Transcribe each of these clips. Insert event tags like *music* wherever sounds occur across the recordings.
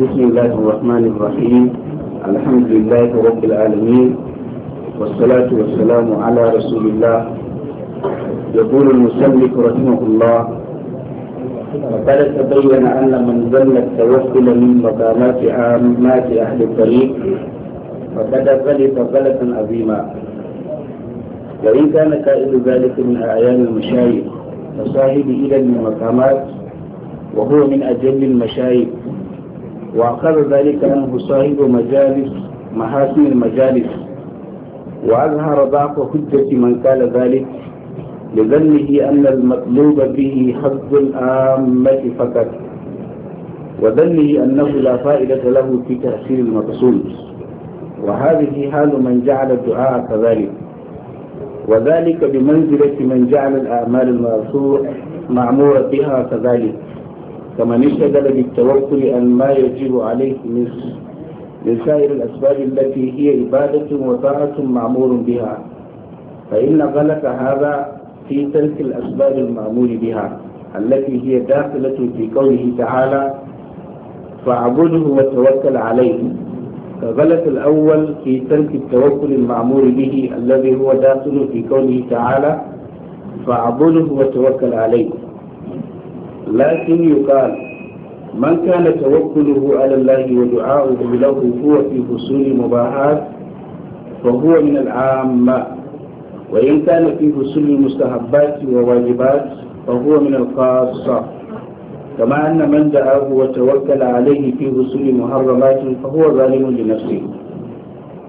بسم الله الرحمن الرحيم الحمد لله رب العالمين والصلاة والسلام على رسول الله يقول المسلك رحمه الله وقد تبين أن من ظن التوكل من مقامات عامات أهل الطريق فقد غلط غلطا عظيما وإن كان قائل ذلك من أعيان المشايخ فصاحب إلى المقامات وهو من أجل المشايخ وأخذ ذلك أنه صاحب مجالس محاسن المجالس وأظهر ضعف حجة من قال ذلك لظنه أن المطلوب به حظ العامة فقط وظنه أنه لا فائدة له في تأثير المقصود وهذه حال من جعل الدعاء كذلك وذلك بمنزلة من جعل الأعمال معمورة بها كذلك فمن اشتغل بالتوكل عن ما يجب عليه من سائر الأسباب التي هي عبادة وطاعة معمور بها فإن غلط هذا في تلك الأسباب المعمور بها التي هي داخلة في قوله تعالى فاعبده وتوكل عليه فغلط الأول في تلك التوكل المعمور به الذي هو داخل في قوله تعالى فاعبده وتوكل عليه لكن يقال من كان توكله على الله ودعاؤه له هو في حصول مباحات فهو من العامة وإن كان في حصول المستحبات وواجبات فهو من الخاصة كما أن من دعاه وتوكل عليه في حصول محرمات فهو ظالم لنفسه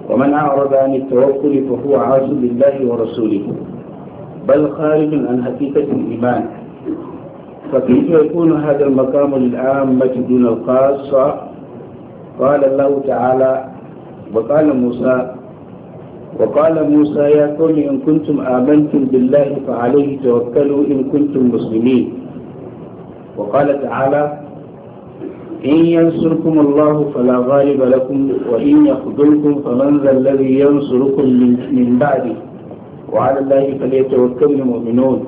ومن أعرض عن التوكل فهو عاصي لله ورسوله بل خارج عن حقيقة الإيمان فكيف يكون هذا المقام للعامة دون الخاصة قال الله تعالى وقال موسى وقال موسى يا قوم إن كنتم آمنتم بالله فعليه توكلوا إن كنتم مسلمين وقال تعالى إن ينصركم الله فلا غالب لكم وإن يخذلكم فمن ذا الذي ينصركم من بعده وعلى الله فليتوكل المؤمنون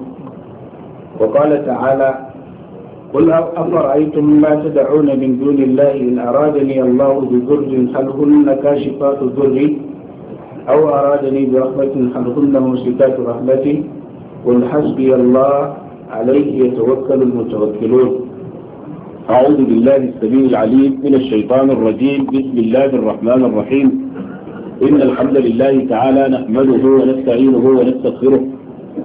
وقال تعالى قل أفرأيتم ما تدعون من دون الله إن أرادني الله بضر هل هن كاشفات ضري أو أرادني برحمة هل هن ممسكات رحمتي قل حسبي الله عليه يتوكل المتوكلون أعوذ بالله السميع العليم من الشيطان الرجيم بسم الله الرحمن الرحيم إن الحمد لله تعالى نحمده ونستعينه ونستغفره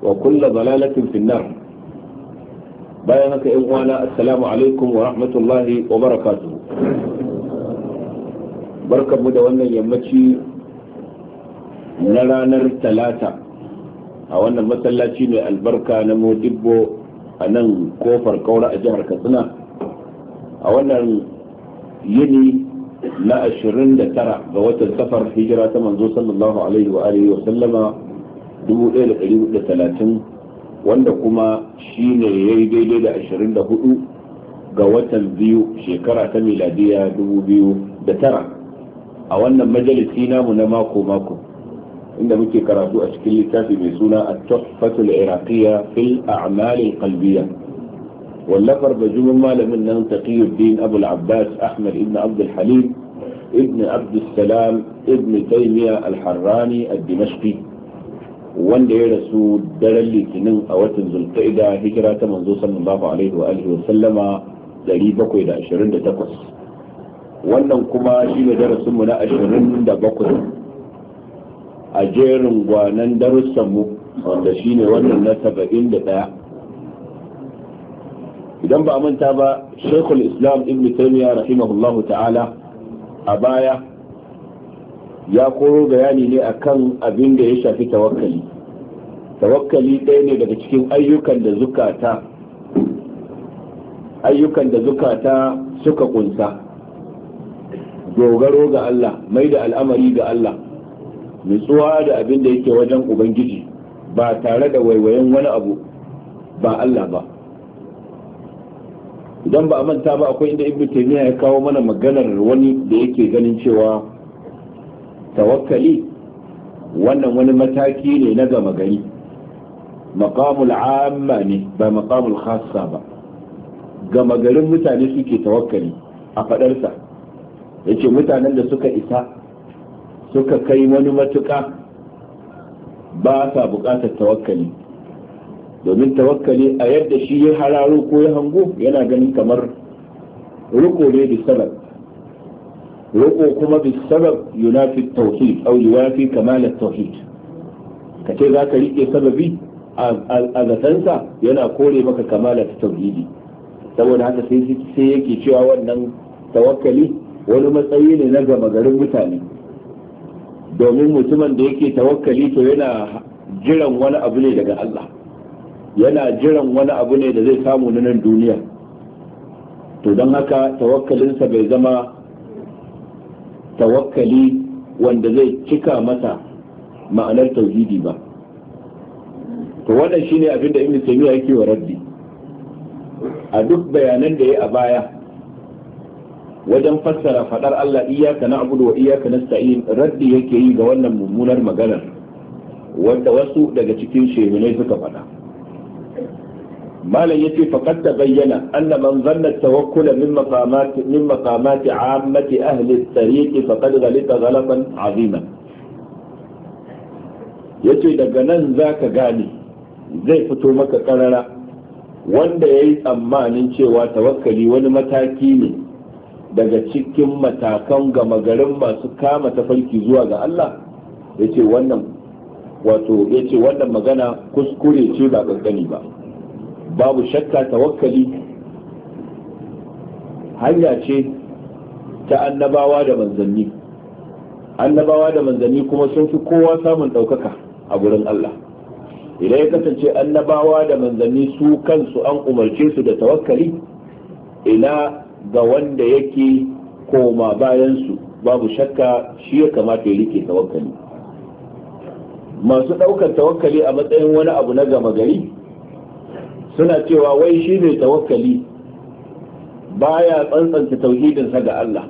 wa kulla dalalatin finnar bayan haka yan uwana assalamu alaikum wa rahmatullahi wa barakatuh barkanmu da wannan yammaci na ranar talata a wannan masallaci mai albarka na modibbo a nan kofar kaura a jihar katsina a wannan yini na 29 ga watan safar hijira ta manzo sallallahu alaihi wa alihi wa sallama 1430 wanda kuma shi ne ya yi daidai da 24 ga watan biyu shekara ta miladiya 2009 a wannan majalisi namu na mako-mako inda muke karatu a cikin littafi mai suna a tuhfatul iraqiya fil a'malil qalbiyya wallafar bajumin malamin nan taqiyuddin abu al abbas ahmad ibn abd al halim ibn abd al-salam ابن عبد السلام ابن تيمية الحراني الدمشقي wanda ya rasu daren litinin a watan zulqa'ida hijira ta manzo sallallahu alaihi wa alihi wa sallama 728 wannan kuma shi ne darasin mu na 27 a jerin gwanan darussan mu wanda shine wannan na 71 idan ba manta ba Sheikhul Islam Ibn Taymiyyah rahimahullahu ta'ala a baya ya koro bayani ne akan abin da ya shafi tawakkali tawakkali ɗaya ne daga cikin ayyukan da zukata ayyukan da zukata suka kunsa dogaro ga Allah mai da al'amari ga Allah nutsuwa da abin da yake wajen ubangiji ba tare da waiwayen wani abu ba Allah ba idan ba a manta ba akwai inda ibnu taymiya ya kawo mana maganar wani da yake ganin cewa tawakkali wannan wani mataki ne na gama gari maqamul amma ne ba maqamul khassa ba gama garin mutane suke tawakkali a fadarsa yace mutanen da suka isa suka kai wani matuƙa ba sa buƙatar tawakkali domin tawakkali a yadda shi ya hararo ko ya hango yana ganin kamar ruko ne da salaf roƙo kuma bi sabab yunafi tauhid au yunafi kamal tauhid kace za ka rike sababi a zatansa yana kore maka kamal ta tauhidi saboda haka sai sai yake cewa wannan tawakkali wani matsayi ne na gama garin mutane domin mutumin da yake tawakkali to yana jiran wani abu ne daga Allah yana jiran wani abu ne da zai samu na nan duniya to don haka tawakkalinsa bai zama tawakkali wanda zai cika masa ma'anar tauhidi ba to wannan shine abin da ibnu taymiya yake wa raddi a duk bayanan da ya a baya wajen fassara fadar Allah iyyaka na'budu wa iyyaka nasta'in raddi yake yi ga wannan mummunar maganar wanda wasu daga cikin ne suka faɗa. malam yace faqad bayyana anna man zanna at min maqamat min maqamat 'ammati ahli at-tariq faqad ghalita ghalatan 'azima yace daga nan zaka gane zai fito maka karara wanda yayi tsammanin cewa tawakkali wani mataki ne daga cikin matakan gama garin masu kama tafarki zuwa ga Allah yace wannan wato yace wannan magana kuskure ce ba kankani ba babu shakka tawakkali hanya ce ta annabawa da manzanni annabawa da manzanni kuma sun fi kowa samun ɗaukaka a gurin Allah idan ya kasance annabawa da manzanni su kansu an umarce su da tawakkali ila ga wanda yake koma bayansu babu shakka shi ya kamata ya rike tawakkali masu ɗaukar tawakkali a matsayin wani abu na gama gari suna cewa wai shi ne tawakkali baya tsantsanta tauhidinsa ga Allah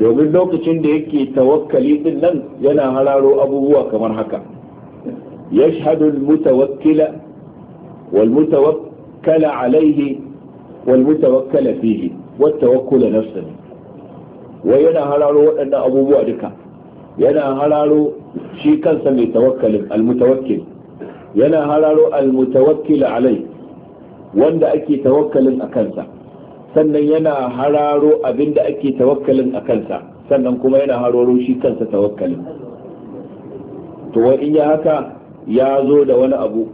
domin lokacin da yake tawakkali din nan yana hararo abubuwa kamar haka يشهد المتوكل والمتوكل عليه والمتوكل فيه والتوكل نفسه وينا هلالو وأن أبو بوعدك ينا هلالو شي كان سمي توكل المتوكل ينا هلالو المتوكل عليه wanda ake tawakkalin a kansa sannan yana hararo abin da ake tawakkalin a kansa sannan kuma yana hararo shi kansa tawakkalin to wa in ya haka ya zo da wani abu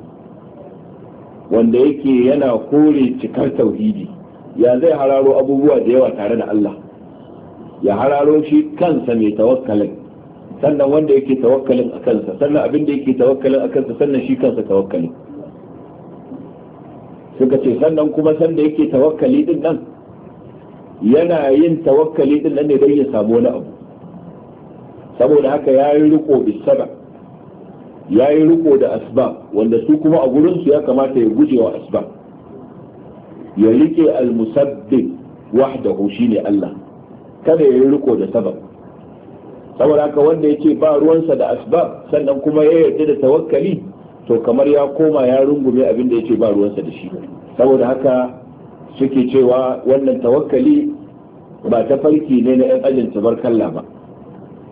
wanda yake yana kore cikar tauhidi ya zai hararo abubuwa da yawa tare da Allah ya hararo shi kansa mai tawakkalin sannan wanda yake tawakkalin a kansa sannan abin da yake tawakkalin a kansa sannan shi kansa tawakkalin suka ce sannan kuma sanda yake tawakkali din nan yana yin tawakkali din nan ne don ya samu wani abu saboda haka ya yi riko bisaba ya yi riko da asbab wanda su kuma a gurinsu ya kamata ya guje wa asbab ya rike almusabbib wahdahu ne Allah kada ya yi riko da sabab saboda haka wanda ya ce ba ruwansa da asbab sannan kuma ya yarda da tawakkali to kamar ya koma ya rungume abin da yake ba ruwansa da shi saboda haka suke cewa wannan tawakkali ba ta farki ne na 'yan ajin tabarkalla ba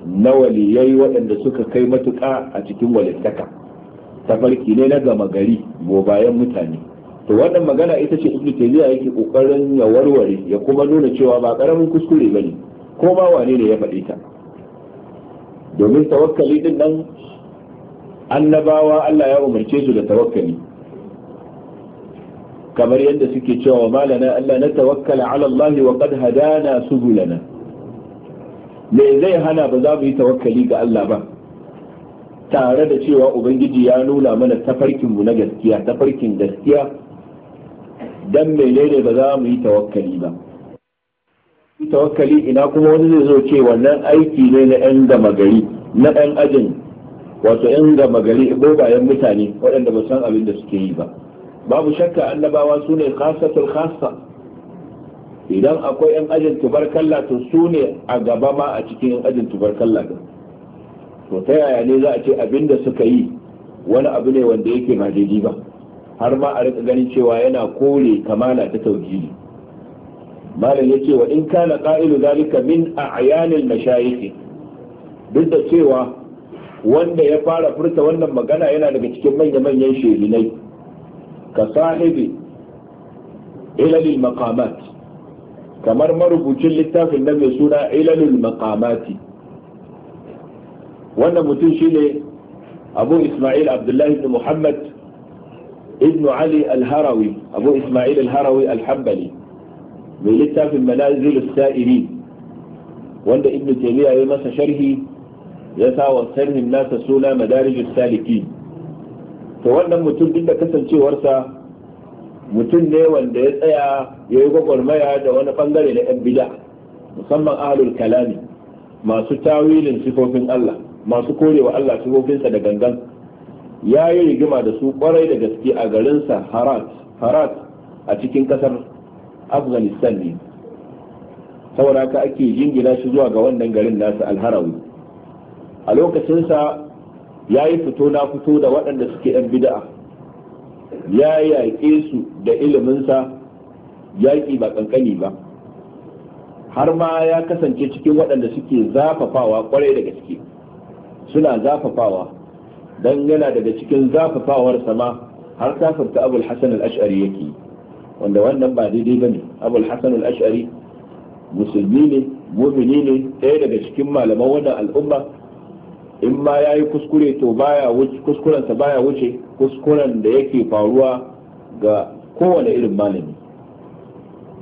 na waliyai waɗanda suka kai matuƙa a cikin walittaka farki ne na gama gari bayan mutane to wannan magana ita ce ibnu taymiya yake kokarin ya warware ya kuma nuna cewa ba karamin kuskure bane ko ba wane ne ya faɗi ta domin tawakkali din nan annabawa Allah ya umarce su da tawakkali kamar yadda suke cewa malana Allah na tawakkala ala Allah wa qad hadana subulana me zai hana ba za mu yi tawakkali ga Allah ba tare da cewa ubangiji ya nuna mana tafarkin mu na gaskiya tafarkin gaskiya dan menene ba za mu yi tawakkali ba tawakkali ina kuma wani zai zo ce wannan aiki ne na 'yan gama gari na 'yan ajin wato yan gama gari bayan mutane waɗanda ba san abin da suke yi ba babu shakka annabawa su ne khasatul khasa idan akwai yan ajin tubarkalla to su ne a gaba ma a cikin yan ajin tubarkalla din to ta yaya ne za a ce abin da suka yi wani abu ne wanda yake ba daidai ba har ma a rika ganin cewa yana kore kamala ta tauhidi malam yace wa in kana qa'ilu zalika min a'yanil mashayikh duk da cewa wanda ya fara furta wannan magana yana daga cikin manya-manyan shehinai ka sahibi ilalil maqamat kamar marubucin littafin da mai suna ilalil maqamati wannan mutum shine abu isma'il abdullahi ibn muhammad ibn ali al-harawi abu isma'il al-harawi al-hanbali mai littafin manazil sa'iri wanda ibn taymiya ya masa sharhi ya sa wa sarhin nasa suna madarijin saliki to wannan mutum duk da kasancewarsa mutum ne wanda ya tsaya ya yi gwagwarmaya da wani bangare na 'yan bida musamman ahalul kalami masu tawilin sifofin Allah masu korewa Allah sifofinsa da gangan ya yi rigima da su kwarai da gaske a garinsa harat harat a cikin kasar afghanistan ne saboda ka ake jingina shi zuwa ga wannan garin nasa alharawi a lokacinsa ya yi fito na fito da waɗanda suke ɗan bida'a ya yaƙe su da iliminsa yaƙi ba ƙanƙani ba har ma ya kasance cikin waɗanda suke zafafawa ƙwarai da gaske suna zafafawa don yana daga cikin zafafawar sama har kafirta abul hasan al-ash'ari yake wanda wannan ba daidai ba ne abul hasan al-ash'ari musulmi ne mumini ne ɗaya daga cikin malaman wannan al'umma in ma ya yi kuskure to baya kuskurensa baya wuce kuskuren da yake faruwa ga kowane irin malami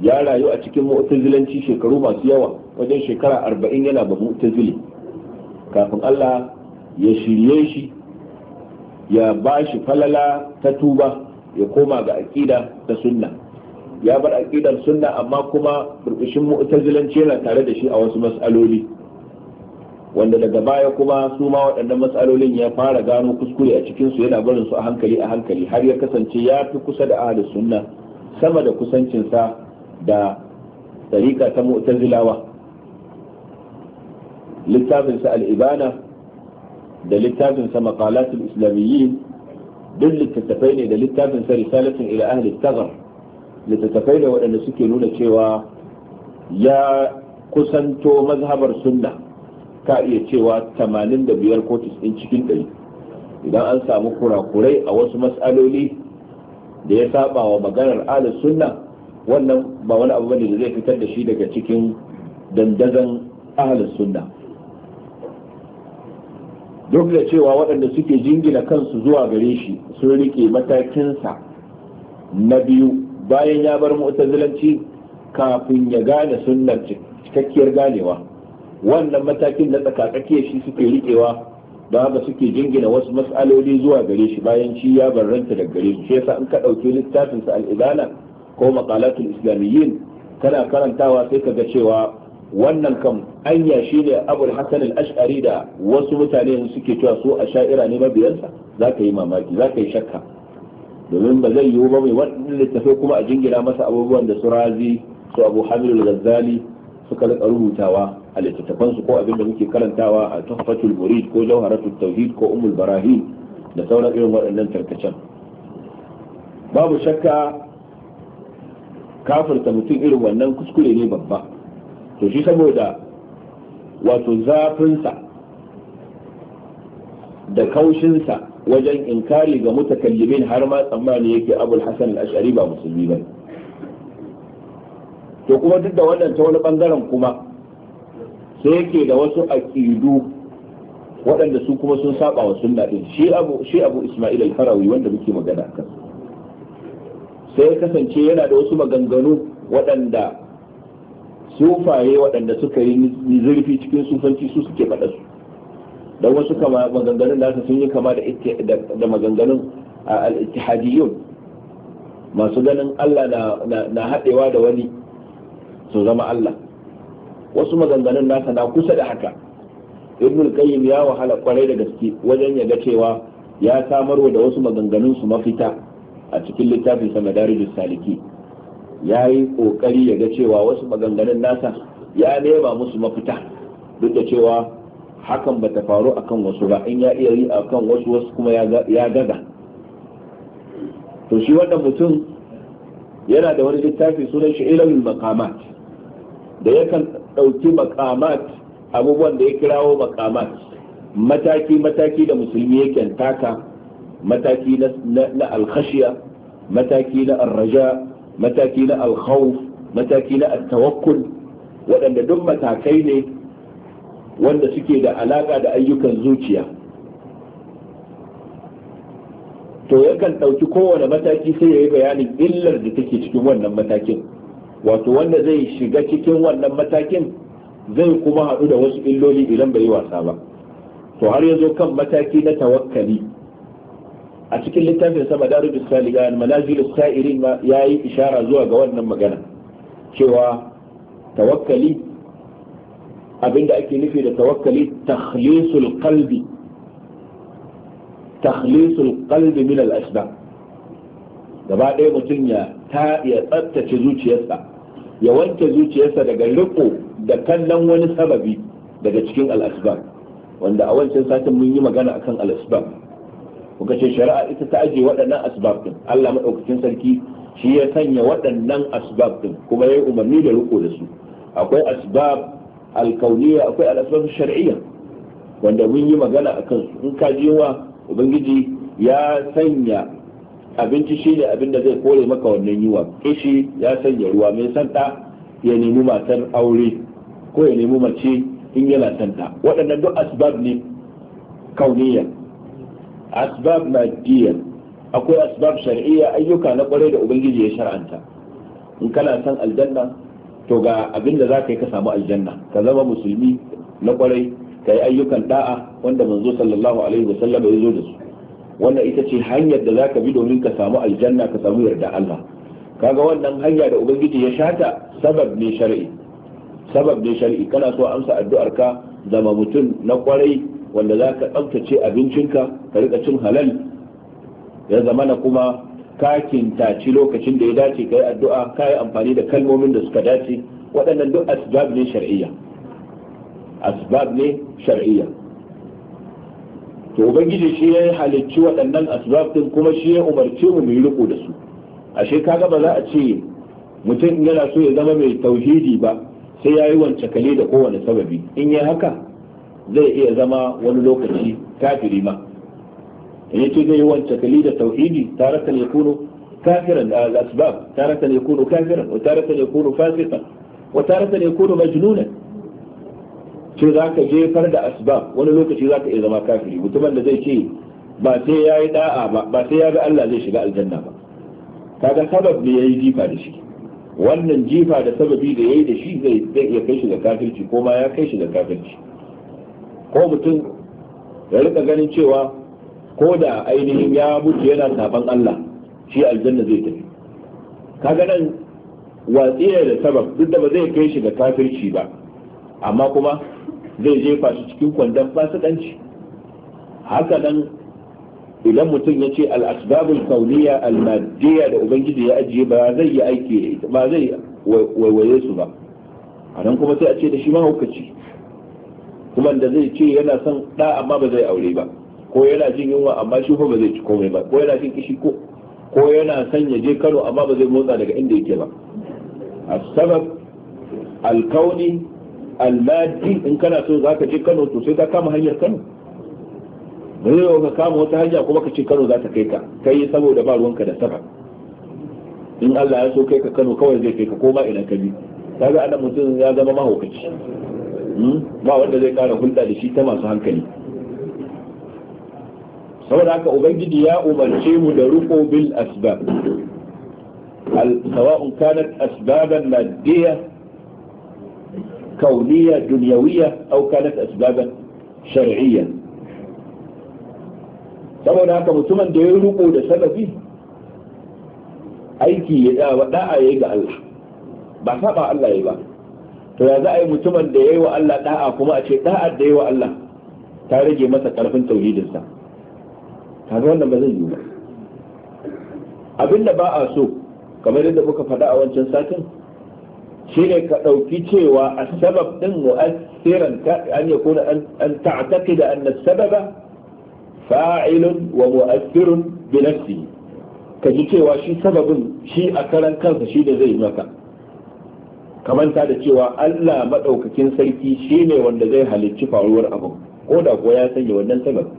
ya rayu a cikin mu'tazilanci shekaru masu yawa wajen shekara arba'in yana ba mu'tazili kafin Allah ya shirye shi ya ba shi falala ta tuba ya koma ga aƙida da sunna ya bar aƙidar sunna amma kuma burbushin mu'tazilanci yana tare da shi a wasu mas'aloli wanda daga baya kuma su ma waɗannan matsalolin ya fara gano kuskure a cikin su yana barin su a hankali a hankali har ya kasance ya fi kusa da ahli sunna sama da kusancinsa da tariqa ta mu'tazilawa littafin sa al-ibana da littafin sa maqalatul islamiyyin duk littattafai ne da littafin sa risalatin ila ahli tagar littattafai da waɗanda suke nuna cewa ya kusanto mazhabar sunna ka iya cewa 85 ko 90 cikin ɗari idan an samu kurakurai a wasu matsaloli da ya saba wa maganar ahlus sunna wannan ba wani abu bane da zai fitar da shi daga cikin dandazon ahlus sunna duk da cewa waɗanda suke jingina kansu zuwa gare shi sun rike matakinsa na biyu bayan ya bar mu'tazilanci kafin ya gane sunnar cikakkiyar ganewa wannan matakin na tsakakakiyar shi suke riƙewa da haka suke jingina wasu matsaloli zuwa gare shi bayan shi ya barranta da gare shi sa in ka ɗauki littafin sa al'ibana ko maqalatul islamiyyin kana karantawa sai ka ga cewa wannan kam anya shi ne abul hasan al-ash'ari da wasu mutane suke cewa su a sha'ira ne mabiyansa za ka yi mamaki za yi shakka domin ba zai yiwu ba mai waɗannan littafai kuma a jingina masa abubuwan da su razi su abu hamil al-ghazali suka rika rubutawa a littattafansu ko abin da muke karantawa a tuhfatul murid ko jawharatul tauhid ko umul Barahim, da sauran irin waɗannan tarkacen babu shakka kafirta mutum irin wannan kuskure ne babba to shi saboda wato zafinsa da kaushinsa wajen inkari ga mutakallimin har ma tsammani yake abul hasan al-ash'ari ba musulmi ba to kuma duk da wannan ta wani bangaren kuma sai yake da wasu aqidu waɗanda su kuma sun saba wa sunna din shi abu shi abu isma'il al-farawi wanda muke magana kan sai ya kasance yana da wasu maganganu waɗanda sufaye waɗanda suka yi zurfi cikin sufanci su suke faɗa su don wasu maganganun da sun yi kama da maganganun al-ittihadiyyun masu ganin Allah na haɗewa da wani su zama Allah wasu maganganun nasa na kusa da haka ibn al-qayyim ya wahala kwarai da gaske wajen ya ga cewa ya samarwa da wasu maganganun su mafita a cikin littafin sa madarijus saliki ya yi kokari ya ga cewa wasu maganganun nasa ya nema musu mafita duk da cewa hakan ba ta faru akan wasu ba in ya iya yi akan wasu wasu kuma ya gaga. to shi wannan mutum yana da wani littafi sunan shi ilmin maqamat da yakan ɗauki makamat abubuwan da ya kirawo makamat mataki-mataki da musulmi yake taka mataki na alkhashiya mataki na arraja mataki na alkhawf mataki na tawakkul waɗanda duk matakai ne wanda suke da alaƙa da ayyukan zuciya to yakan ɗauki kowane mataki sai ya yi bayanin illar da take cikin wannan matakin wato wanda zai shiga cikin wannan matakin zai kuma haɗu da wasu illoli idan bai yi wasa ba to har yanzu kan mataki na tawakkali a cikin littafin sa madarijus saligan manazilus sa'irin ya yi ishara zuwa ga wannan magana cewa tawakkali abinda ake nufi da tawakkali takhlisul qalbi takhlisul qalbi min al asbab gaba ɗaya mutum ya ta ya tsaftace zuciyarsa ya wanke zuciyarsa daga riko da kallon wani sababi daga cikin al'asbab wanda a wancan satin mun yi magana akan al'asbab kuka ce shari'a ita ta ajiye waɗannan asbab din Allah madaukakin sarki shi ya sanya waɗannan asbab din kuma ya yi umarni da riko da su akwai asbab alkauniya akwai al'asbab shar'iyya wanda mun yi magana akan su in ka jiwa ubangiji ya sanya abinci shine abin da zai kore maka wannan yiwa kishi ya sanya ruwa mai santa ya nemi matar aure ko ya nemi mace in yana santa waɗannan duk asbab ne kauniya asbab diyar akwai asbab shari'a ayyuka na kwarai da ubangiji ya shar'anta in kana son aljanna to ga abin da za ka yi ka samu aljanna ka zama musulmi na kwarai ka yi ayyukan da'a wanda manzo sallallahu alaihi wasallam ya zo da su wannan ita ce hanyar da zaka bi domin ka samu aljanna ka samu yarda Allah kaga wannan hanya da ubangiji ya shata sabab ne shar'i sabab ne shar'i kana so amsa addu'ar ka zama mutum na kwarai wanda za ka tsaftace abincinka ka rika cin halal ya zama na kuma ka kintaci lokacin da ya dace ka yi addu'a ka yi amfani da kalmomin da suka dace waɗannan duk asbab ne shar'iyya asbab ne shar'iyya to ubangiji shi ya halicci waɗannan asbab din kuma shi ya umarce mu mu yi riko da su ashe kaga ba za a ce mutum in yana so ya zama mai tauhidi ba sai ya yi wance kale da kowane sababi in yi haka zai iya zama wani lokaci kafiri ma in yace zai yi wance kale da tauhidi ne kuno kafiran da asbab ne kuno kafiran wa taratan yakunu fasiqan wa ne kuno majnunan ce za ka jefar da asbab wani lokaci za ka iya zama kafiri mutumin da zai ce ba sai ya yi da'a ba ba sai ya ga Allah zai shiga aljanna ba kaga sabab ne yayi jifa da shi wannan jifa da sababi da yayi da shi zai zai iya kai shi ga kafirci ko ma ya kai shi ga kafirci ko mutum ya rika ganin cewa ko da ainihin ya mutu yana saban Allah shi aljanna zai tafi kaga nan watsiya da sabab duk da ba zai kai shi ga kafirci ba amma kuma zai jefa su cikin kwandon fasikanci haka nan idan mutum ya ce al'asbabul kauniya al-madiyya da ubangiji ya ajiye ba zai yi aiki ba zai waiwaye su ba a nan kuma sai a ce da shi mahaukaci kuma da zai ce yana son ɗa amma ba zai aure ba ko yana jin yunwa amma shi ba zai ci komai ba ko yana jin kishi ko ko yana son ya je Kano amma ba zai motsa daga inda yake ba a sabab alkauni alladi in kana so za ka je kano to sai ka kama hanyar kano ba yau ka kama wata hanya kuma ka ce kano za ta kai ka kai saboda ba ruwanka da saba in Allah ya so kai ka kano kawai zai kai ka koma ina ka bi kaga anan mutum ya zama mahaukaci hmm? ba wanda zai kara hulɗa da shi ta masu hankali saboda haka ubangiji ya umarce mu da ruko bil asbab sawa'un kanat asbaban madiyya كونية دنيوية أو كانت أسبابا شرعية saboda haka mutumin da ya ruko da salafi aiki ya dawa da'a ga Allah ba saba Allah yayi ba to a yi mutumin da yayi wa Allah da'a kuma a ce da'ar da yayi wa Allah ta rage masa karfin tauhidin sa wannan ba zai yi ba abinda ba so kamar yadda kuka faɗa a wancan satin shine ka ɗauki cewa sabab ɗin mu'assiran ka an kuna an ta'taqida anna sababa fa'ilun wa mu'assirun bi nafsihi ka ji cewa shi sababin shi a karan kansa shi da zai maka kamanta da cewa Allah maɗaukakin sarki shi ne wanda zai halicci faruwar abu ko da ko ya sanya wannan sabab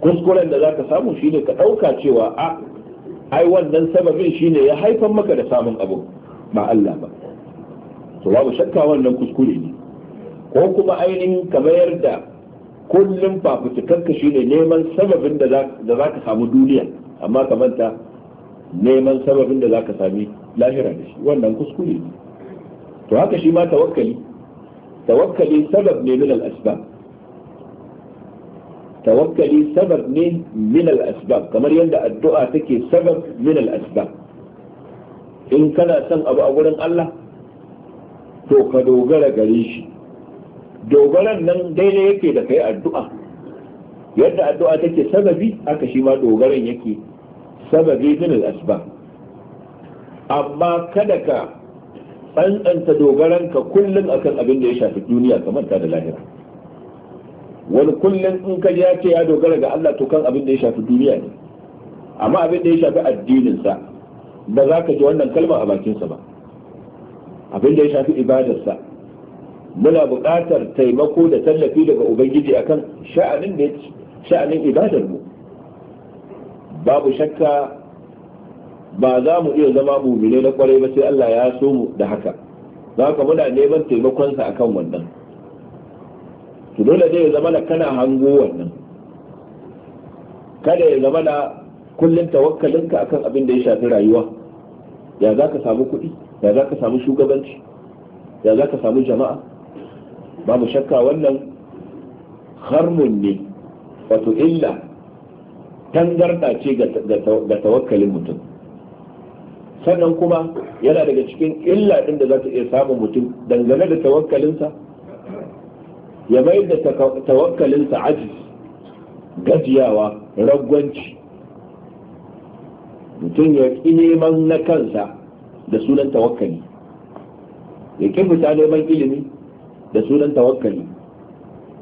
kuskuren da za ka samu shi ne ka ɗauka cewa a ai wannan sababin shi ne ya haifar maka da samun abu ba Allah ba to babu shakka wannan kuskure ne ko kuma ainihin ka mayar da kullum fafutukanka shi ne neman sababin da za ka samu duniya amma ka manta neman sababin da za ka sami lahira da shi wannan kuskure ne to haka shi ma tawakkali tawakkali sabab ne min al tawakkali sabab ne min al kamar yadda addu'a take sabab min al in kana son abu a gurin Allah to ka dogara gare shi dogaran nan daidai yake da kai addu'a yadda addu'a take sababi haka shi ma dogaran yake sababi min al-asbab amma kada ka tsantsanta dogaran ka kullum akan abin da ya shafi duniya kamar ta da lahira wani kullum in ka ya ce ya dogara ga Allah to kan abin da ya shafi duniya ne amma abin da ya shafi addininsa ba za ka ji wannan kalma a bakinsa ba abin da ya shafi ibadarsa muna buƙatar taimako da tallafi daga ubangiji akan sha'anin da sha'anin ibadar mu babu shakka ba za mu iya zama mumine na kwarai ba sai Allah ya so mu da haka za ka muna neman taimakonsa akan wannan to dole ne ya zama kana hango wannan kada ya zama na kullum tawakkalinka akan abin da ya shafi rayuwa ya za ka samu kuɗi ya za ka samu shugabanci ya za ka samu jama'a Ba mu shakka wannan harmun ne wato illa tangarda ce ga tawakkalin mutum sannan kuma yana daga cikin illa ɗin da za ta iya samun mutum dangane da tawakkalinsa ya mai da tawakkalinsa ajiz gajiyawa ragwanci mutum ya ƙi neman na kansa da sunan tawakkali ya ƙi fita neman ilimi da sunan tawakkali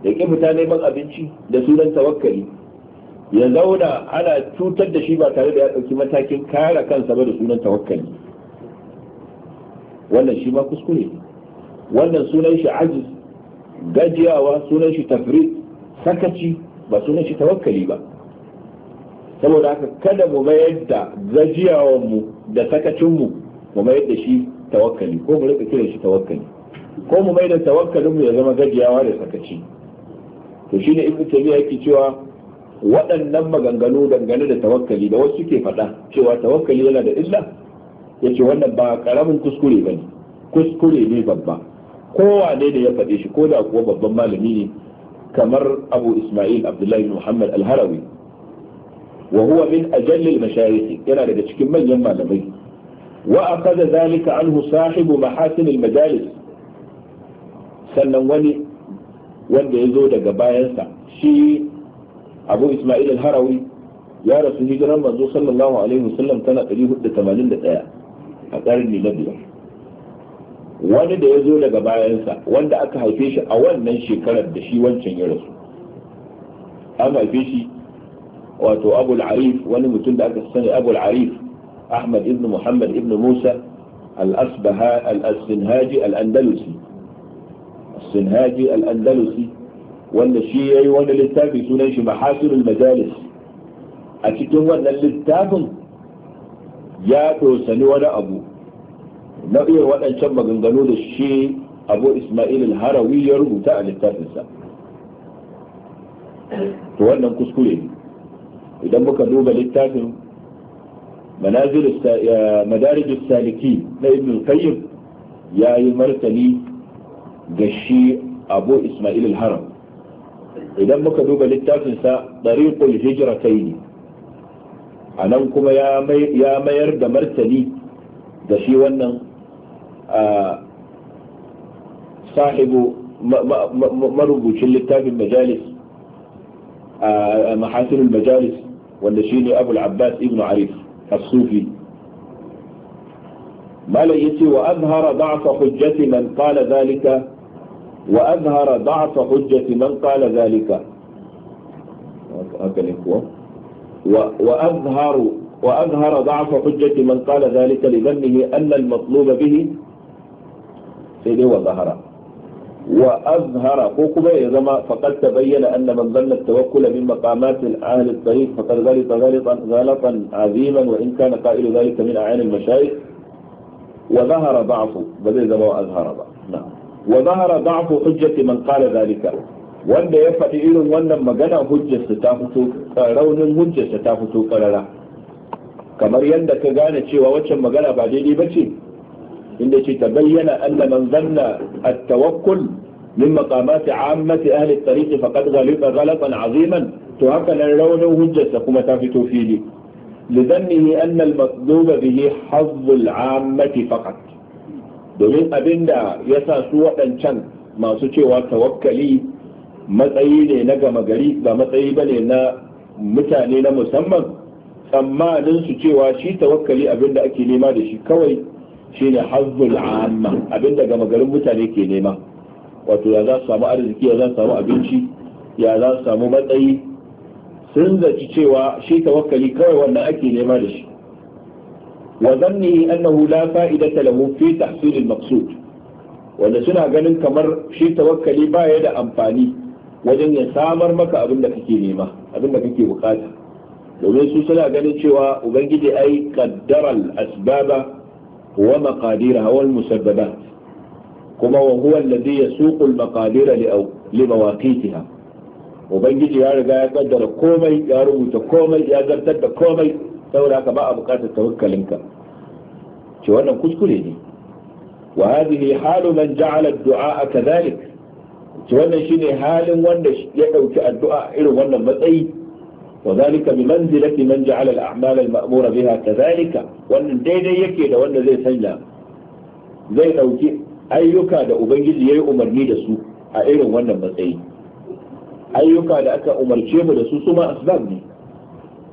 ya ƙi fita neman abinci da sunan tawakkali ya zauna ana cutar da shi ba tare da ya ɗauki matakin kare kansa ba da sunan tawakkali wannan shi ma kuskure wannan sunan shi ajiz gajiyawa sunan shi tafri sakaci ba sunan shi tawakkali ba saboda haka kada mu mayar da gajiyawan mu da sakacin mu mu mayar da shi tawakkali ko mu rika kiran shi tawakkali ko mu mayar da tawakkalin mu ya zama gajiyawa da sakaci to shine ibnu taymiya yake cewa waɗannan maganganu dangane da tawakkali da wasu ke faɗa cewa tawakkali yana da illa yace wannan ba karamin kuskure bane kuskure ne babba kowa ne da ya faɗe shi ko da kuwa babban malami ne kamar abu ismail abdullahi muhammad al-harawi wa huwa min ajallil mashayikh yana daga cikin manyan malamai wa akaza zalika anhu sahibu mahasin al majalis sannan wani wanda ya zo daga bayansa shi abu isma'il al ya rasu hijiran manzo sallallahu alaihi wasallam tana 481 a karni wani da ya zo daga bayansa wanda aka haife shi a wannan shekarar da shi wancan ya rasu an haife shi wato abul arif wani mutum da aka sani abul arif ahmad ibn muhammad ibn musa al-asbaha al-andalusi wanda shi ya yi wani littafi sunan shi mahasirul majalis a cikin wannan littafin ya tosani wani abu na iya waɗancan maganganu da shi abu ismail harawi ya rubuta a littafinsa to wannan kuskure ne idan muka duba littafin manazil madarij as saliki na ibn al qayyim yayi martani ga shi abu ismail al-haram idan muka duba littafin sa hijiratai ne a nan kuma ya mayar da martani da shi wannan sahibu marubucin littafin majalis a mahasinul majalis wanda shi ne abul abbas ibn arif as-sufi malai yace wa azhara da'fa hujjati man qala zalika wa azhara da'fa hujjati man qala zalika haka ne kuwa wa azharu wa azhara da'fa hujjati man qala zalika li dhannihi anna al-matlub bihi sai dai wa zahara وأظهر كوكبا يزما فقد تبين أن من ظن التوكل من مقامات أهل الطريق فقد غلط غلطا غلطا عظيما وإن كان قائل ذلك من أعين المشايخ وظهر ضعف بدل زما وأظهر ضعف نعم وظهر ضعف حجة من قال ذلك وأن يفعل faɗi irin wannan magana hujjarsa ta fito raunin hujjarsa ta fito karara kamar yadda ka gane cewa waccan inda ce ta bayyana anna man zanna at-tawakkul min maqamati ammati ahli at-tariq faqad ghaliba ghalatan aziman to haka nan raunin hujjarsa kuma ta fito fili لذنه أن المطلوب به حظ العامة فقط domin abinda ya sa su waɗancan masu cewa tawakkali matsayi ne na gama gari ba matsayi ba ne na mutane na musamman tsammanin su cewa shi tawakkali abin da ake nema da shi kawai shine hazzul amma da gama garin mutane ke nema wato ya za su samu arziki ya za su samu abinci ya za su samu matsayi sun zaci cewa shi tawakkali kawai wannan ake nema da shi wa zannihi annahu la fa'idata lahu fi tahsil al-maqsud wanda suna ganin kamar shi tawakkali baya da amfani wajen ya samar maka abin da kake nema abin da kake bukata domin su suna ganin cewa ubangiji ai qaddaral asbaba ومقاديرها والمسببات كما وهو الذي يسوق المقادير لمواقيتها وبنجي يا رجا يقدر كومي يا رجا كومي يا زرتد كومي saboda haka ba a bukatar tawakkalinka ce wannan kuskure ne wa hadhihi halu man ja'ala ad-du'a kadhalik ce wannan shine halin wanda ya ɗauki addu'a irin wannan matsayi وذلك بمنزلة من جعل الأعمال المأمورة بها كذلك وأن ديدي يكي دا وأن زي سنة زي نوكي أيوكا دا أبنجز يي أمرني دا سو أئر وأن مسعي أيوكا دا أكا أمرشيب دا سو سما أسبابني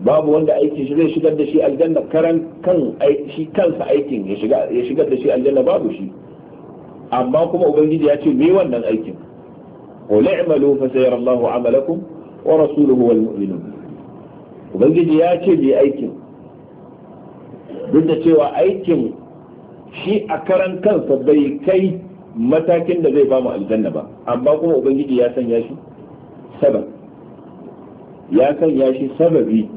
babu wanda aiki shi zai shigar da shi aljanna karan kan kansa aikin ya shigar da shi aljanna babu shi amma kuma ubangiji ya ce me wannan aikin qul i'malu fa sayara Allahu 'amalakum wa rasuluhu wal ubangiji ya ce mai aikin duk da cewa aikin shi a karan kansa bai kai matakin da zai ba mu aljanna ba amma kuma ubangiji ya sanya shi sabab ya sanya shi sababi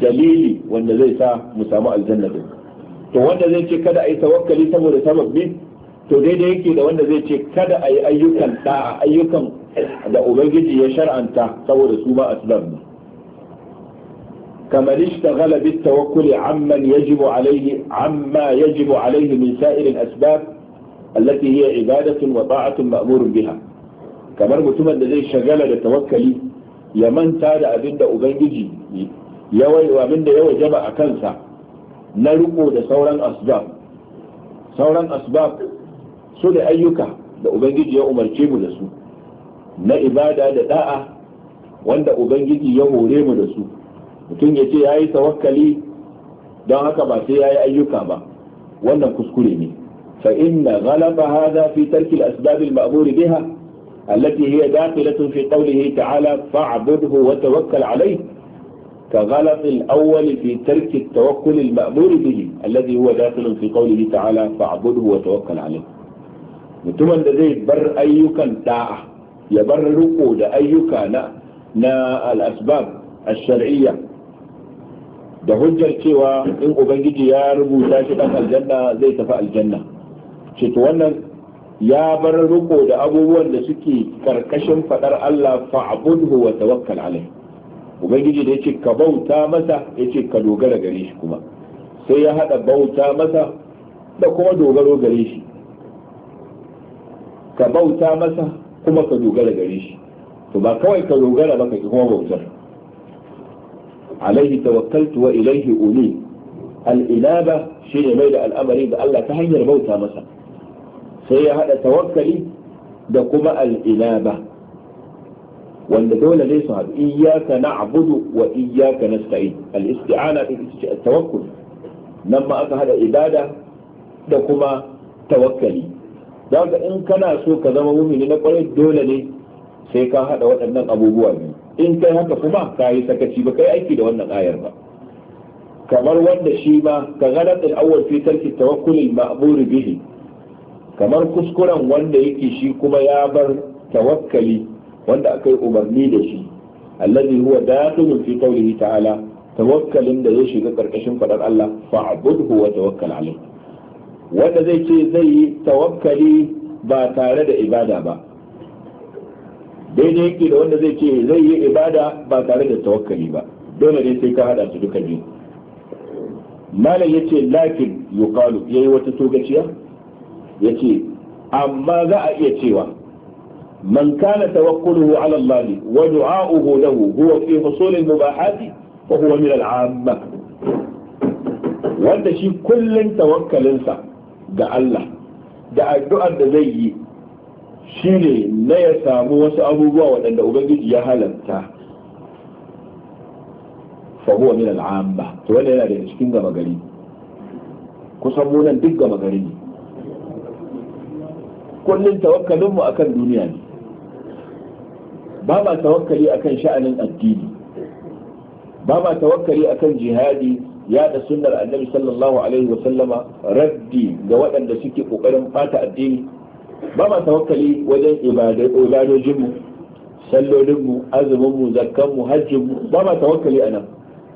dalili wanda zai sa mu samu aljanna din to wanda zai ce kada a yi tawakkali saboda sababbi to daidai yake da wanda zai ce kada a yi ayyukan da ayyukan da ubangiji ya shar'anta saboda su ba asbab ne كمن اشتغل بالتوكل عمن يجب عليه عما يجب عليه من سائر الأسباب التي هي عبادة وطاعة مأمور بها kamar mutumin da zai shagala da tawakkali ya manta da abin da ubangiji abin da ya wajaba a kansa na riko da sauran asbab sauran asbab su da ayyuka da ubangiji ya umarce mu da su na ibada da da'a wanda ubangiji ya hore mu da su mutum ya ce ya yi tawakkali don haka ba sai ya yi ayyuka ba wannan kuskure ne fa inna ghalaba hadha fi tarki al-asbab al-ma'mur biha allati hiya dakhilatun fi qawlihi ta'ala fa'budhu wa tawakkal alayhi كغلط الأول في ترك التوكل المأمور به huwa هو fi في ta’ala تعالى wa tawakkal عليه mutumin da zai bar ayyukan da'a ya bar riko da ayyuka na na al-asbab al shariyya da hujjar cewa in ubangiji ya rubuta shi dan aljanna zai tafi aljanna ce to wannan ya bar ruko da abubuwan da suke karkashin fadar Allah fa'budhu wa tawakkal alai ubangiji da yace ka bauta masa yace ka dogara gare shi kuma sai ya hada bauta masa da kuma dogaro gare shi ka bauta masa kuma ka dogara gare shi to ba kawai ka dogara ba ka kuma bautar alaihi tawakkaltu wa ilaihi uni al'inaba shi ne mai da al'amari ga Allah ta hanyar bauta masa sai ya haɗa tawakkali da kuma al'inaba wanda dole ne su haɗu iyaka na'budu wa iyaka nasta'in al-isti'ana ita ce tawakkul nan ma aka haɗa ibada da kuma tawakkali daga in kana so ka zama mumini na kwarai dole ne sai ka haɗa waɗannan abubuwa biyu in kai haka kuma ka yi sakaci ba kai aiki da wannan ayar ba kamar wanda shi ma ka ghalat al-awwal fi tarki tawakkul al bihi kamar kuskuren wanda yake shi kuma ya bar tawakkali wanda akai umarni da shi allazi huwa dakhilun fi qawlihi ta'ala tawakkalin da zai shiga karkashin fadar Allah fa'budhu wa tawakkal alayhi wanda zai ce zai yi tawakkali ba tare da ibada ba daidai yake da wanda zai ce zai yi ibada ba tare da tawakkali ba dole ne sai ka hada su duka biyu malam yace lakin yuqalu yayi wata togaciya yace amma za a iya cewa man kana tawakkuluhu ala Allah wa du'a'uhu lahu huwa fi husul al-mubahati wa huwa min al wanda shi kullun tawakkalinsa ga Allah da addu'ar da zai yi shi ne na ya samu wasu abubuwa waɗanda ubangiji ya halarta fahuwa min al'amba to wanda yana daga cikin gama gari kusan munan duk gama gari ne kullum tawakkalinmu akan duniya ne ba ma tawakkali akan sha'anin addini ba ma tawakkali akan jihadi yada sunnar annabi sallallahu alaihi wasallama raddi ga waɗanda suke ƙoƙarin fata addini ba ma tawakkali wajen ibadojinmu sallolinmu azuminmu zakkanmu hajjinmu ba ma tawakkali a nan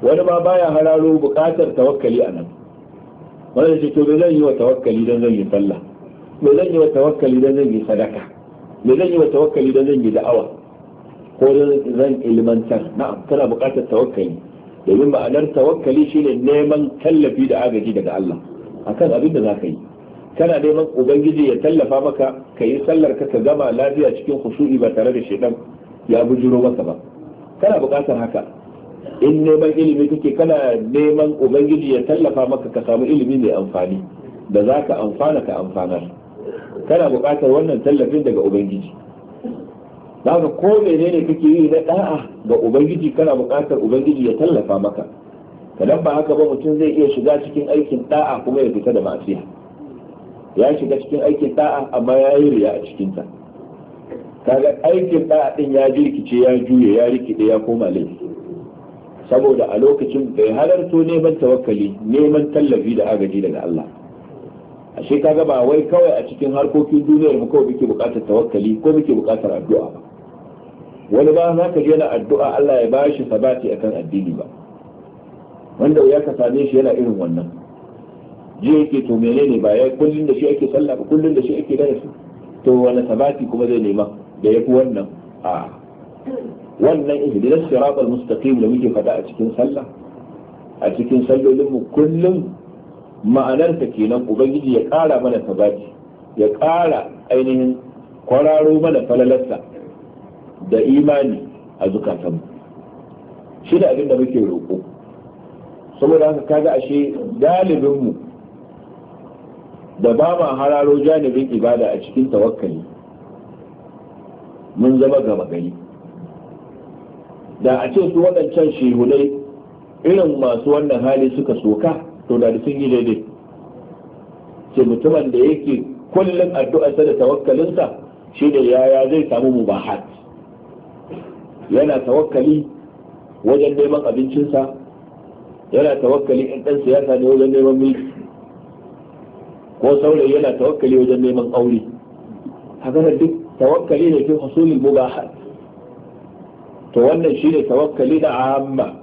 wani ma baya hararo buƙatar tawakkali a nan wanda ce to me zan yi wa tawakkali don zan yi sallah me zan yi wa tawakkali don zan yi sadaka me zan yi wa tawakkali don zan yi da'awa ko don zan ilmantar na'am tana buƙatar tawakkali domin ma'anar tawakkali shine neman tallafi da agaji daga Allah akan abin da za ka yi kana neman ubangiji ya tallafa maka ka yi sallar ka ka gama lafiya cikin khushu'i ba tare da shedan ya bujuro maka ba kana buƙatar haka in neman ilimi kake kana neman ubangiji ya tallafa maka ka samu ilimi mai amfani da za ka amfana ka amfanar kana buƙatar wannan tallafin daga ubangiji zaka ko menene kake yi na da'a ga ubangiji kana buƙatar ubangiji ya tallafa maka kadan ba haka ba mutum zai iya shiga cikin aikin da'a kuma ya fita da ma'asiya ya shiga cikin aikin da'a amma ya yi riya a cikinta kaga aikin da'a din ya jirkice ya juye ya rikide ya koma laifi saboda a lokacin bai halarto neman tawakkali neman tallafi da agaji daga Allah ashe kaga ba wai kawai a cikin harkokin duniyar mu kawai muke buƙatar tawakkali ko muke buƙatar addu'a wani ba za ka yana addu'a Allah ya bashi sabati akan addini ba wanda ya ka same shi yana irin wannan je yake to menene ba ya kullun da shi ake sallah ba kullun da shi ake darasi to wani sabati kuma zai nema da yafi wannan a wannan ihdinas siratal mustaqim da muke fada a cikin sallah a cikin sallolin mu kullun ma'anar ta kenan ubangiji ya kara mana sabati ya ƙara ainihin kwararo mana falalarsa da imani a zukatanmu shi da abin da muke roƙo saboda haka kaga ashe galibinmu da ba hararo janibin ibada a cikin tawakkali mun zama gaba gari da a ce su waɗancan shehunai irin masu wannan hali suka soka to da sun yi daidai ce mutumin da yake kullum addu'arsa da tawakkalinsa shi ne yaya zai samu mubahat yana tawakkali wajen neman abincinsa yana tawakkali in ɗan siyasa ne wajen neman milki ko saurayi yana tawakkali wajen neman aure haka duk tawakkali ne fi husulul mubahat to wannan shine tawakkali da amma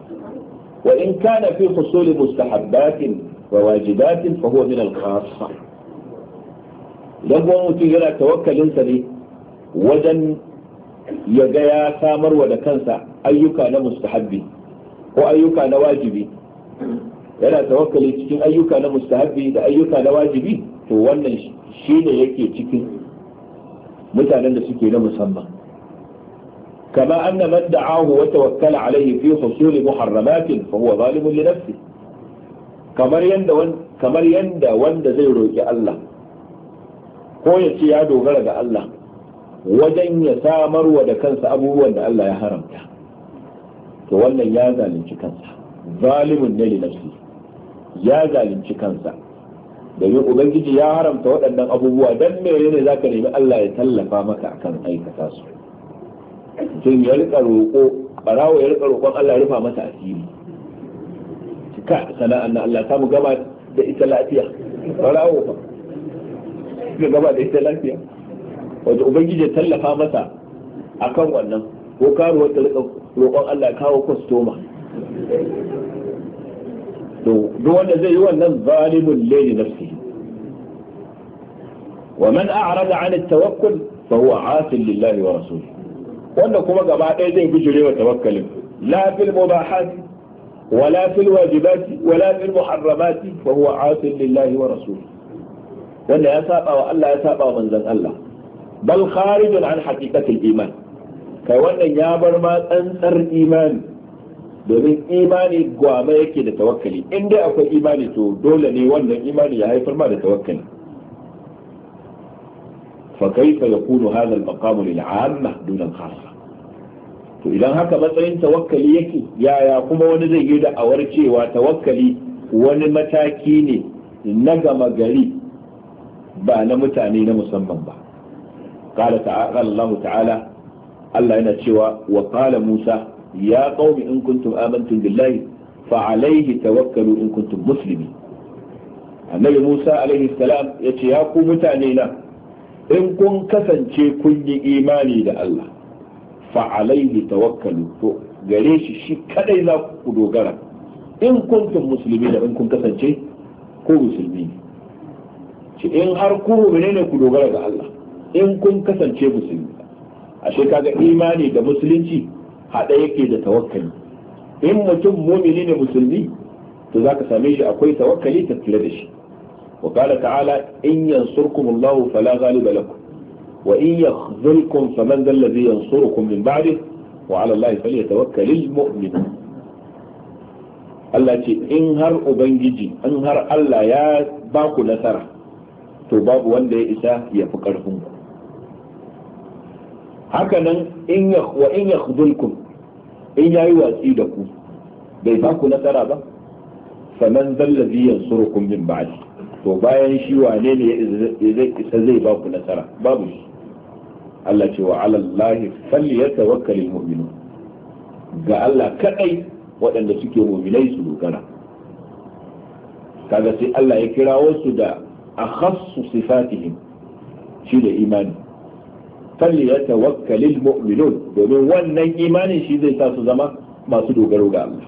wa in kana fi husulul mustahabbatin wa wajibatin fa huwa min al-khassa dan mutum yana tawakkalin sa ne wajen ya ga ya samarwa da kansa ayyuka na mustahabbi ko ayyuka na wajibi yana tawakkali cikin ayyuka na mustahabbi da ayyuka na wajibi to wannan shi ne yake cikin mutanen da suke na musamman كما أن من دعاه وتوكل عليه في حصول محرمات فهو ظالم لنفسه kamar yanda kamar yanda wanda zai roki Allah ko ya ce ya dogara ga Allah wajen ya samarwa da kansa abubuwan da Allah ya haramta to wannan ya zalunci kansa zalimin ne nafsi ya zalunci kansa domin ubangiji ya haramta waɗannan abubuwa don me ne zaka nemi Allah ya tallafa maka akan aikata su mutum ya rika roƙo barawo ya rika roƙon Allah ya rufa masa asiri cika sana'an na Allah samu gama da ita lafiya barawo ba suka gama da ita lafiya wajen ubangiji ya tallafa masa akan wannan ko karuwar ta rika roƙon Allah ya kawo kwastoma هو الذي هو الظالم الليل نفسه ومن أعرض عن التوكل فهو عاتل لله ورسوله وأنه كما قبع أيدي بجري وتوكل لا في المباحات ولا في الواجبات ولا في المحرمات فهو عاتل لله ورسوله وأن يسابع وألا يسابع من ذات الله بل خارج عن حقيقة الإيمان كي يا بر ما تنصر إيمانه domin imani gwama yake da tawakkali in dai akwai imani to dole ne wannan imani ya haifar ma da tawakkali fa kaifa yakunu hadha al-maqam lil 'amma dun al-khassa to idan haka matsayin tawakkali yake yaya kuma wani zai yi awar cewa tawakkali wani mataki ne na gama gari ba na mutane na musamman ba qala ta'ala Allah ta'ala Allah yana cewa wa Musa ya قوم in كنتم آمنتم billahi fa توكلوا إن in مسلمين النبي موسى Musa alaihi salam yace ya ku إن na in kun kasance kun yi imani da Allah fa alaihi tawakkalu gare shi shi kadai za ku dogara in musulmi in har ku ne ku dogara ga Allah in kun kasance musulmi ashe shekaga imani da musulunci haɗe yake da tawakkali in mutum mumini ne musulmi to za ka same shi akwai tawakkali tattare da shi wa qala ta'ala in yansurkum Allah fala ghaliba lakum wa in yakhzulkum faman dhal ladhi yansurukum min ba'dih wa 'ala Allah falyatawakkalul mu'min Allah ce in har ubangiji in har Allah ya ba ku nasara to babu wanda ya isa ya fi karfin ku haka nan in ya wa in yakhzulkum in ya yi watsi da ku bai ba ku nasara ba sanan zallazi yansurukum min ba'di to bayan shi wane ne zai isa zai ba ku nasara babu shi Allah ce wa ala Allah falyatawakkalul mu'minun ga Allah kadai waɗanda suke mu'minai su dogara kaga sai Allah ya kira wasu da akhassu sifatihim shi da imani falyatawakkalul mu'minun domin wannan imanin shi zai sa su zama masu dogaro ga Allah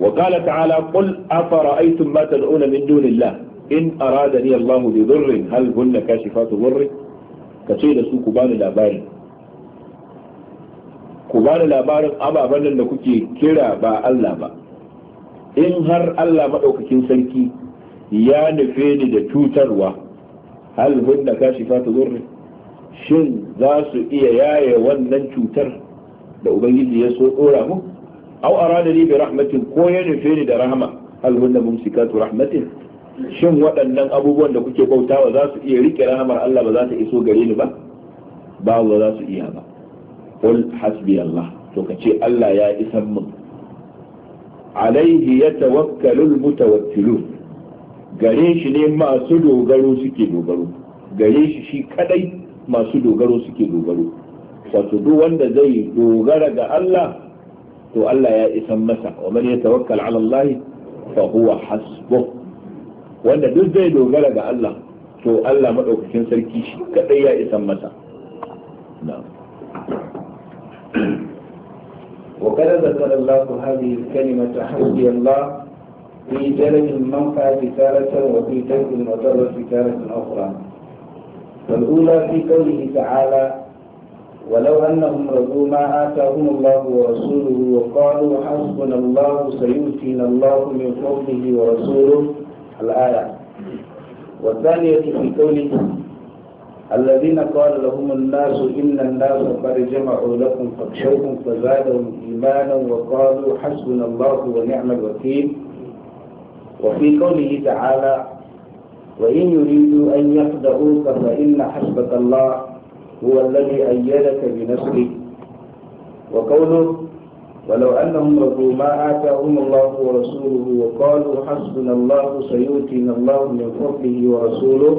wa qala ta'ala qul afara'aytum ma tad'una min dunillah in aradani Allah bi dhurrin hal hunna kashifatu dhurri ce da su ku bani labari ku bani labarin ababen da kuke kira ba Allah ba in har Allah maɗaukakin sarki ya nufe ni da cutarwa hal hunna kashifatu dhurri shin za su iya yaye wannan cutar da ubangiji ya so dora mu aw arada ni bi rahmatin ko ya nufe ni da rahama hal hunna mumsikatu rahmatin shin waɗannan abubuwan da kuke bautawa za su iya rike rahamar Allah ba za ta iso gare ni ba ba wa za su iya ba qul hasbi Allah to kace Allah ya isan mun alaihi yatawakkalul mutawakkilun gare shi ne masu dogaro suke dogaro gare shi shi kadai masu dogaro suke dogaro wato duk wanda zai dogara ga Allah to Allah ya isan masa wa man yatawakkal ala Allah fa huwa hasbuh wanda duk zai dogara ga Allah to Allah madaukakin sarki shi kadai ya isan masa na'am وقد ذكر الله هذه الكلمة حمدي الله في جلب المنفعة تارة وفي جلب المضرة تارة أخرى فالأولى في قوله تعالى ولو أنهم رضوا ما آتاهم الله ورسوله وقالوا حسبنا الله سيؤتينا الله من فضله ورسوله الآية والثانية في قوله الذين قال لهم الناس إن الناس قد جمعوا لكم فاخشوهم فزادهم إيمانا وقالوا حسبنا الله ونعم الوكيل وفي قوله تعالى وإن يريدوا أن يخدعوك فإن حسبك الله هو الذي أيدك بنصره وقوله ولو أنهم رضوا ما آتاهم الله ورسوله وقالوا حسبنا الله سيؤتينا الله من فضله ورسوله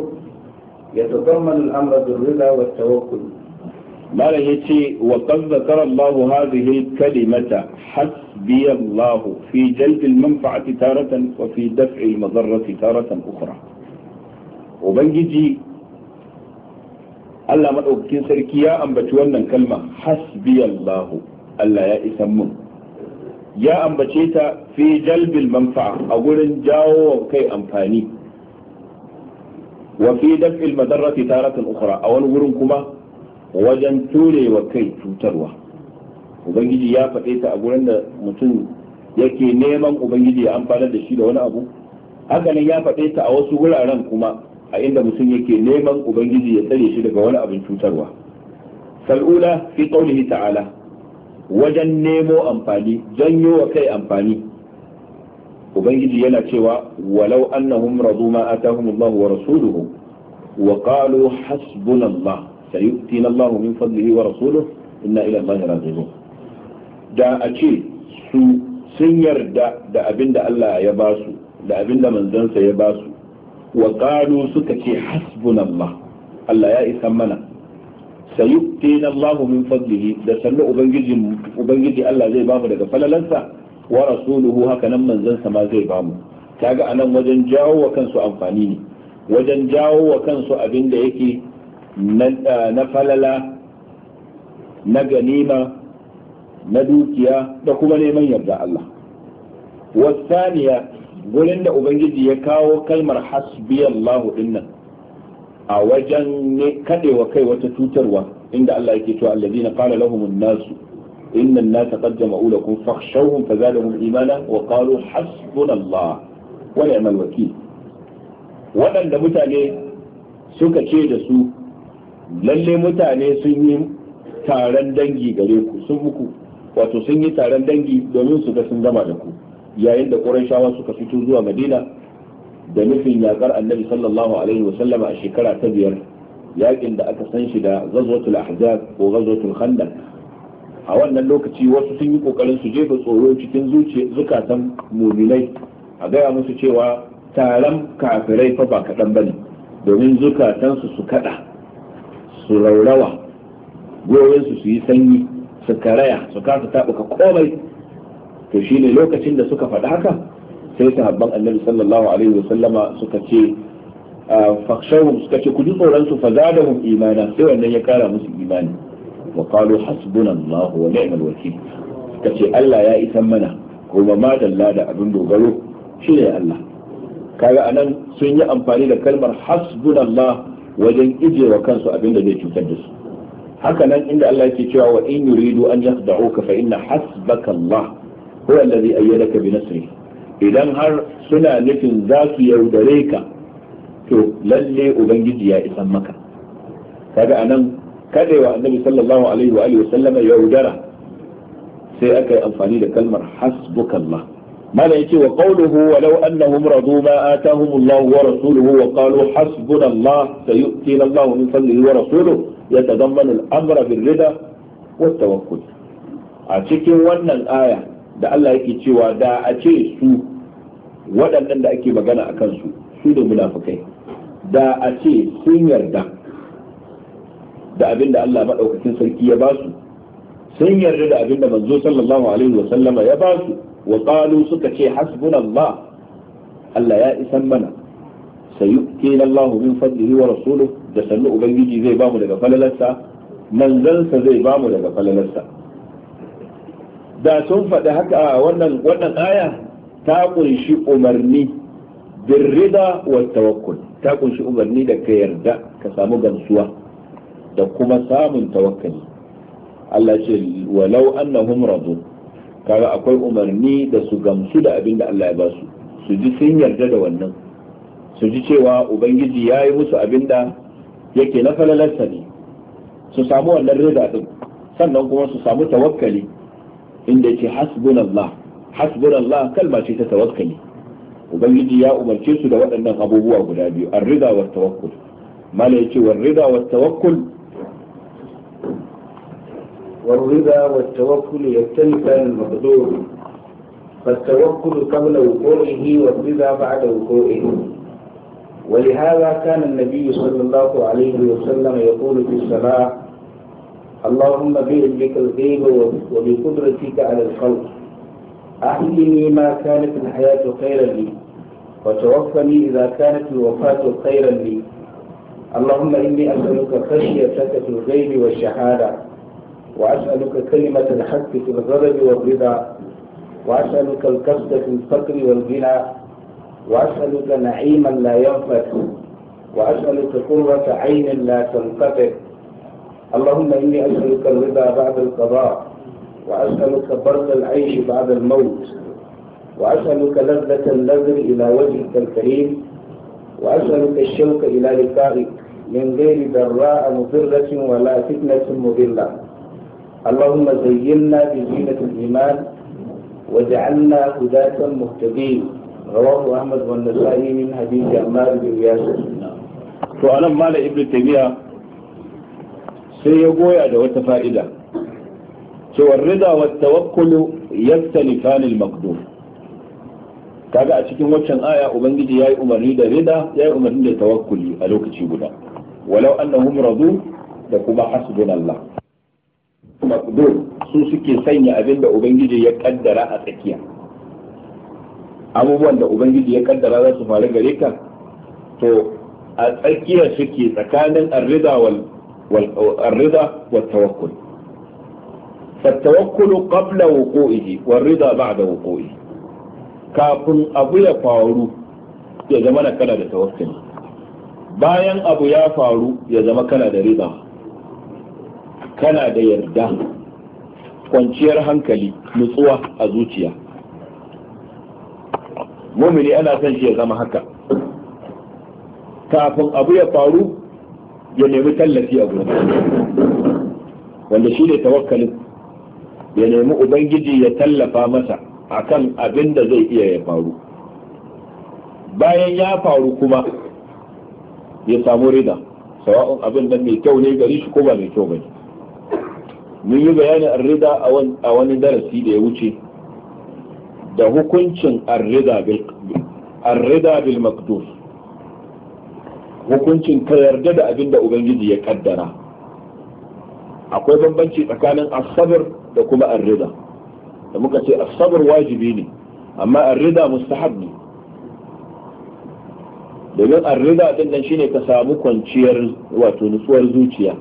يتضمن الأمر بالرضا والتوكل ما يتي وقد ذكر الله هذه الكلمة حسبي الله في جلب المنفعة تارة وفي دفع المضرة تارة أخرى ubangiji Allah maɗaukakin sarki ya ambaci wannan kalma hasbiyallahu Allah ya isan mun ya ambace ta fi jalbil manfa'a a gurin jawo wa kai amfani wa fi daf'il madarrati taratan ukhra a wani gurin kuma wajen ture wa kai cutarwa ubangiji ya faɗe ta a gurin da mutum yake neman ubangiji ya amfana da shi da wani abu hakanan ya faɗe ta a wasu wuraren kuma a inda mutum yake neman ubangiji ya tsare shi daga wani abin cutarwa sal'ula fi qaulihi ta'ala wajen nemo amfani janyo wa kai amfani ubangiji yana cewa walau annahum radu ma atahum Allah wa rasuluhu wa qalu hasbuna Allah sayu'tina Allah min fadlihi wa rasuluhu inna ila Allah raji'un da a ce su sun yarda da abinda Allah ya basu da abinda manzansa ya basu wa qalu suka ce hasbunallah Allah ya isa mana sayu'tina Allah min fadlihi da sallu ubangiji ubangiji Allah zai bamu daga falalansa wa rasuluhu haka nan manzansa ma zai bamu kaga anan wajen jawo wa kansu amfani ne wajen jawo wa kansu abin da yake na falala na ganima na dukiya da kuma neman yarda Allah wasaniya gurin da ubangiji ya kawo kalmar hasbiyallahu dinnan a wajen ne kadewa kai wata tutarwa inda Allah yake cewa alladina qala lahum an-nas inna an nas qad jama'u lakum fakhshawhum fazadahum imana wa qalu hasbunallah wa ni'mal wakil waɗanda mutane suka ce da su lalle mutane sun yi taron dangi gare ku sun muku wato sun yi taron dangi domin su ga sun gama da ku yayin da qurayshawa suka fito zuwa madina da nufin yakar annabi sallallahu alaihi wa a shekara ta biyar yakin da aka san shi da ghazwatul ahzab ko ghazwatul khandaq a wannan lokaci wasu sun yi kokarin su jefa tsoro cikin zukatan muminai a gaya musu cewa taron kafirai fa ba kaɗan ba ne domin zukatan su kaɗa su raurawa goyon su yi sanyi su karaya su kasa taɓuka komai to shine lokacin da suka faɗa haka sai sahabban annabi sallallahu alaihi wasallama suka ce fakshawum suka ce ku tsoron su fazadahum imana sai wannan ya kara musu imani wa qalu hasbunallahu wa ni'mal wakil suka ce Allah ya isan mana kuma ma dalla da abin dogaro shine Allah kaga anan sun yi amfani da kalmar hasbunallah wajen ijewa kansu abin da zai cutar da su haka nan inda Allah yake cewa wa in yuridu an yakhda'uka fa inna hasbaka Allah ko allazi ayyadaka bi nasri idan har suna nufin za su yaudare ka to lalle ubangiji ya isan maka kaga anan kadewa annabi sallallahu alaihi wa alihi sallama yaudara sai aka yi amfani da kalmar hasbukallah mana yace wa qawluhu walau annahum radu ma atahum Allah wa rasuluhu wa qalu hasbuna Allah amra a cikin wannan aya da Allah yake cewa da a ce su waɗannan da ake magana a kansu su da munafukai da a ce sun yarda da abin da Allah maɗaukakin sarki ya ba su sun yarda da abin da manzo sallallahu alaihi wa sallama ya ba su wa qalu suka ce hasbunallah Allah ya isan mana sayu'tina Allah min fadlihi wa rasuluhu da sannu ubangiji zai bamu daga falalarsa manzansa zai bamu daga falalarsa da sun faɗi haka wannan wannan aya ta kunshi umarni birrida wa tawakkul ta kunshi umarni da ka yarda ka samu gamsuwa da kuma samun tawakkali Allah ce walau annahum radu kaga akwai umarni da su gamsu da abin da Allah ya ba su su ji sun yarda da wannan su ji cewa ubangiji ya yi musu abin da yake na falalarsa ne su samu wannan rida din sannan kuma su samu tawakkali inda yake hasbunallah hasbunallah kalma ce ta tawakkali ubangiji ya umarce su da waɗannan abubuwa guda biyu arrida wa tawakkul mala yace wa rida wa tawakkul wa wa rida tawakkul والرضا والتوكل يختلفان المقدور فالتوكل قبل وقوعه والرضا بعد وقوعه ولهذا كان النبي صلى الله عليه وسلم يقول في الصلاة اللهم بعلمك الغيب وبقدرتك على الخلق أحيني ما كانت الحياة خيرا لي وتوفني إذا كانت الوفاة خيرا لي اللهم إني أسألك خشيتك في الغيب والشهادة وأسألك كلمة الحق في الغضب والرضا وأسألك الكسب في الفقر والغنى وأسألك نعيما لا ينفت وأسألك قرة عين لا تنقطع اللهم إني أسألك الرضا بعد القضاء وأسألك برد العيش بعد الموت وأسألك لذة النذر إلى وجهك الكريم وأسألك الشوق إلى لقائك من غير ضراء مضرة ولا فتنة مضلة اللهم زينا بزينة الإيمان وجعلنا هداة مهتدين رواه أحمد والنسائي من حديث عمار بن ياسر. سؤال مال ابن تيمية sai ya goya da wata fa'ida cewa rida wa tawakkulu yaktalifan al-maqdur kaga a cikin waccan aya ubangiji ya yi umarni da rida yi umarni da tawakkuli a lokaci guda walau annahum radu da kuma hasbunallah maqdur su suke sanya abin da ubangiji ya kaddara a tsakiya abubuwan da ubangiji ya kaddara za su faru gare ka to a tsakiya suke tsakanin arrida wal والرضا والتوكل فالتوكل قبل وقوعه والرضا بعد وقوعه كافن أبو يفارو ya zama na kana da tawakkali bayan abu ya faru ya zama kana da riba kana da yarda kwanciyar hankali nutsuwa a zuciya mumini ana son shi ya zama haka kafin abu ya faru ya nemi tallafi a gurin wanda shi ne tawakkalin ya nemi ubangiji ya tallafa masa akan abin da zai iya ya faru bayan ya faru kuma ya samu rida sawa'un abin nan mai kyau ne gari shi ko ba mai kyau bane mun yi bayanin arrida a wani darasi da ya wuce da hukuncin arrida bil makdus hukuncin ka yarda da abin da ubangiji ya kaddara akwai bambanci tsakanin asabar da kuma arrida da muka ce asabar wajibi ne amma arrida mustahab ne domin arrida din nan shine ka samu kwanciyar wato nutsuwar zuciya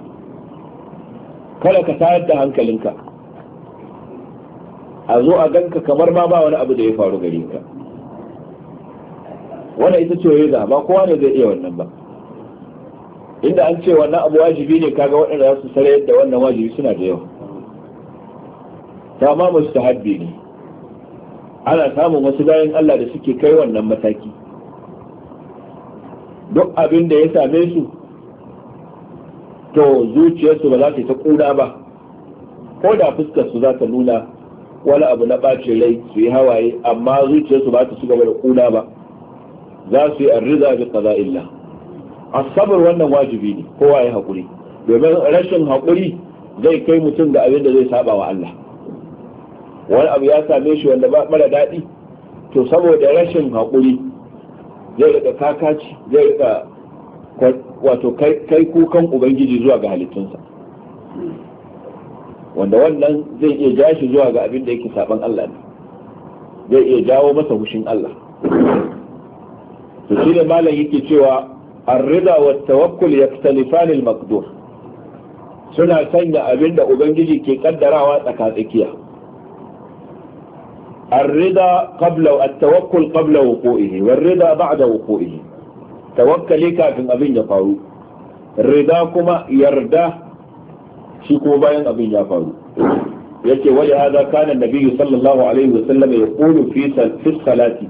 kada ka tayar da hankalinka a zo a ganka kamar ma ba wani abu da ya faru gare ka wannan ita ce ba kowa ne zai iya wannan ba inda an ce wannan abu wajibi ne kaga waɗanda za su sare yadda wannan wajibi suna da yawa Ta ta haɗe ne ana samun wasu bayan Allah da suke kai wannan mataki duk abin da ya same su to zuciyarsu ba za ta ta ƙuna ba ko da fuskarsu za ta nuna wani abu na ɓacin rai su yi hawaye amma zuciyarsu ba ta su gaba da ƙuna ba za su yi arriza bi qada'illah asabar wannan wajibi ne kowa ya haƙuri domin rashin haƙuri zai kai mutum ga abin da zai saba wa Allah wani abu ya same shi wanda ba mara daɗi to saboda rashin haƙuri zai rika kakaci zai rika wato kai kukan ubangiji zuwa ga halittunsa wanda wannan zai iya ja shi zuwa ga abin da yake saban Allah ne zai iya jawo masa hushin Allah to shi ne malam yake cewa الرضا والتوكل يختلفان المقدور suna sanya abin da ubangiji ke kaddarawa tsakatsakiya الرضا قبل التوكل قبل وقوعه والرضا da وقوعه توكلي kafin abin ya faru rida kuma yarda shi ko bayan abin ya faru yace wajen hada kana nabiyyu sallallahu alaihi wasallam yaqulu fi salati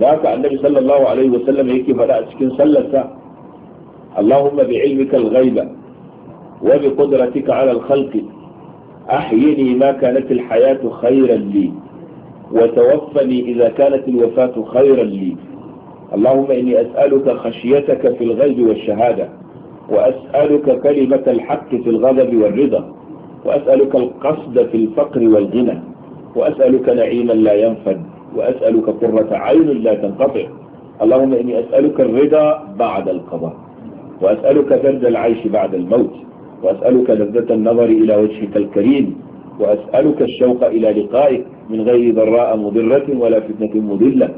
da haka annabi sallallahu alaihi wasallam yake faɗa a cikin sallarsa Allahumma bi ilmika al-ghaiba wa bi qudratika ala al-khalqi ahyini ma kanat al-hayatu khayran li wa tawaffani idha kanat al-wafatu khayran li اللهم إني أسألك خشيتك في الغيب والشهادة وأسألك كلمة الحق في الغضب والرضا وأسألك القصد في الفقر والغنى وأسألك نعيما لا ينفد وأسألك قرة عين لا تنقطع اللهم إني أسألك الرضا بعد القضاء وأسألك درد العيش بعد الموت وأسألك لذة النظر إلى وجهك الكريم وأسألك الشوق إلى لقائك من غير ضراء مضرة ولا فتنة مضلة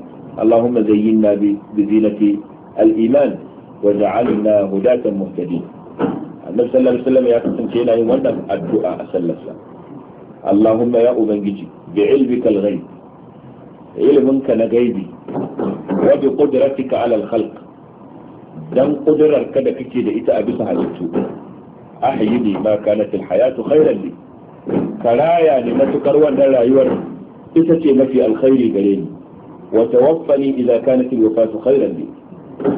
اللهم زينا بزينة الإيمان وجعلنا هداة مهتدين النبي صلى الله عليه وسلم يا كسن كينا يوانا الدعاء وسلم اللهم يا أبنجي بعلمك الغيب ilminka na gaibi wa bi qudratika ala al-khalq dan kudurar ka da kake da ita a bisa halittu ahyi bi ma kanat al hayat khayran li karaya ne matukar wannan rayuwar ita ce mafi alkhairi gare ni wa tawaffani idza kanat al-wafatu khayran li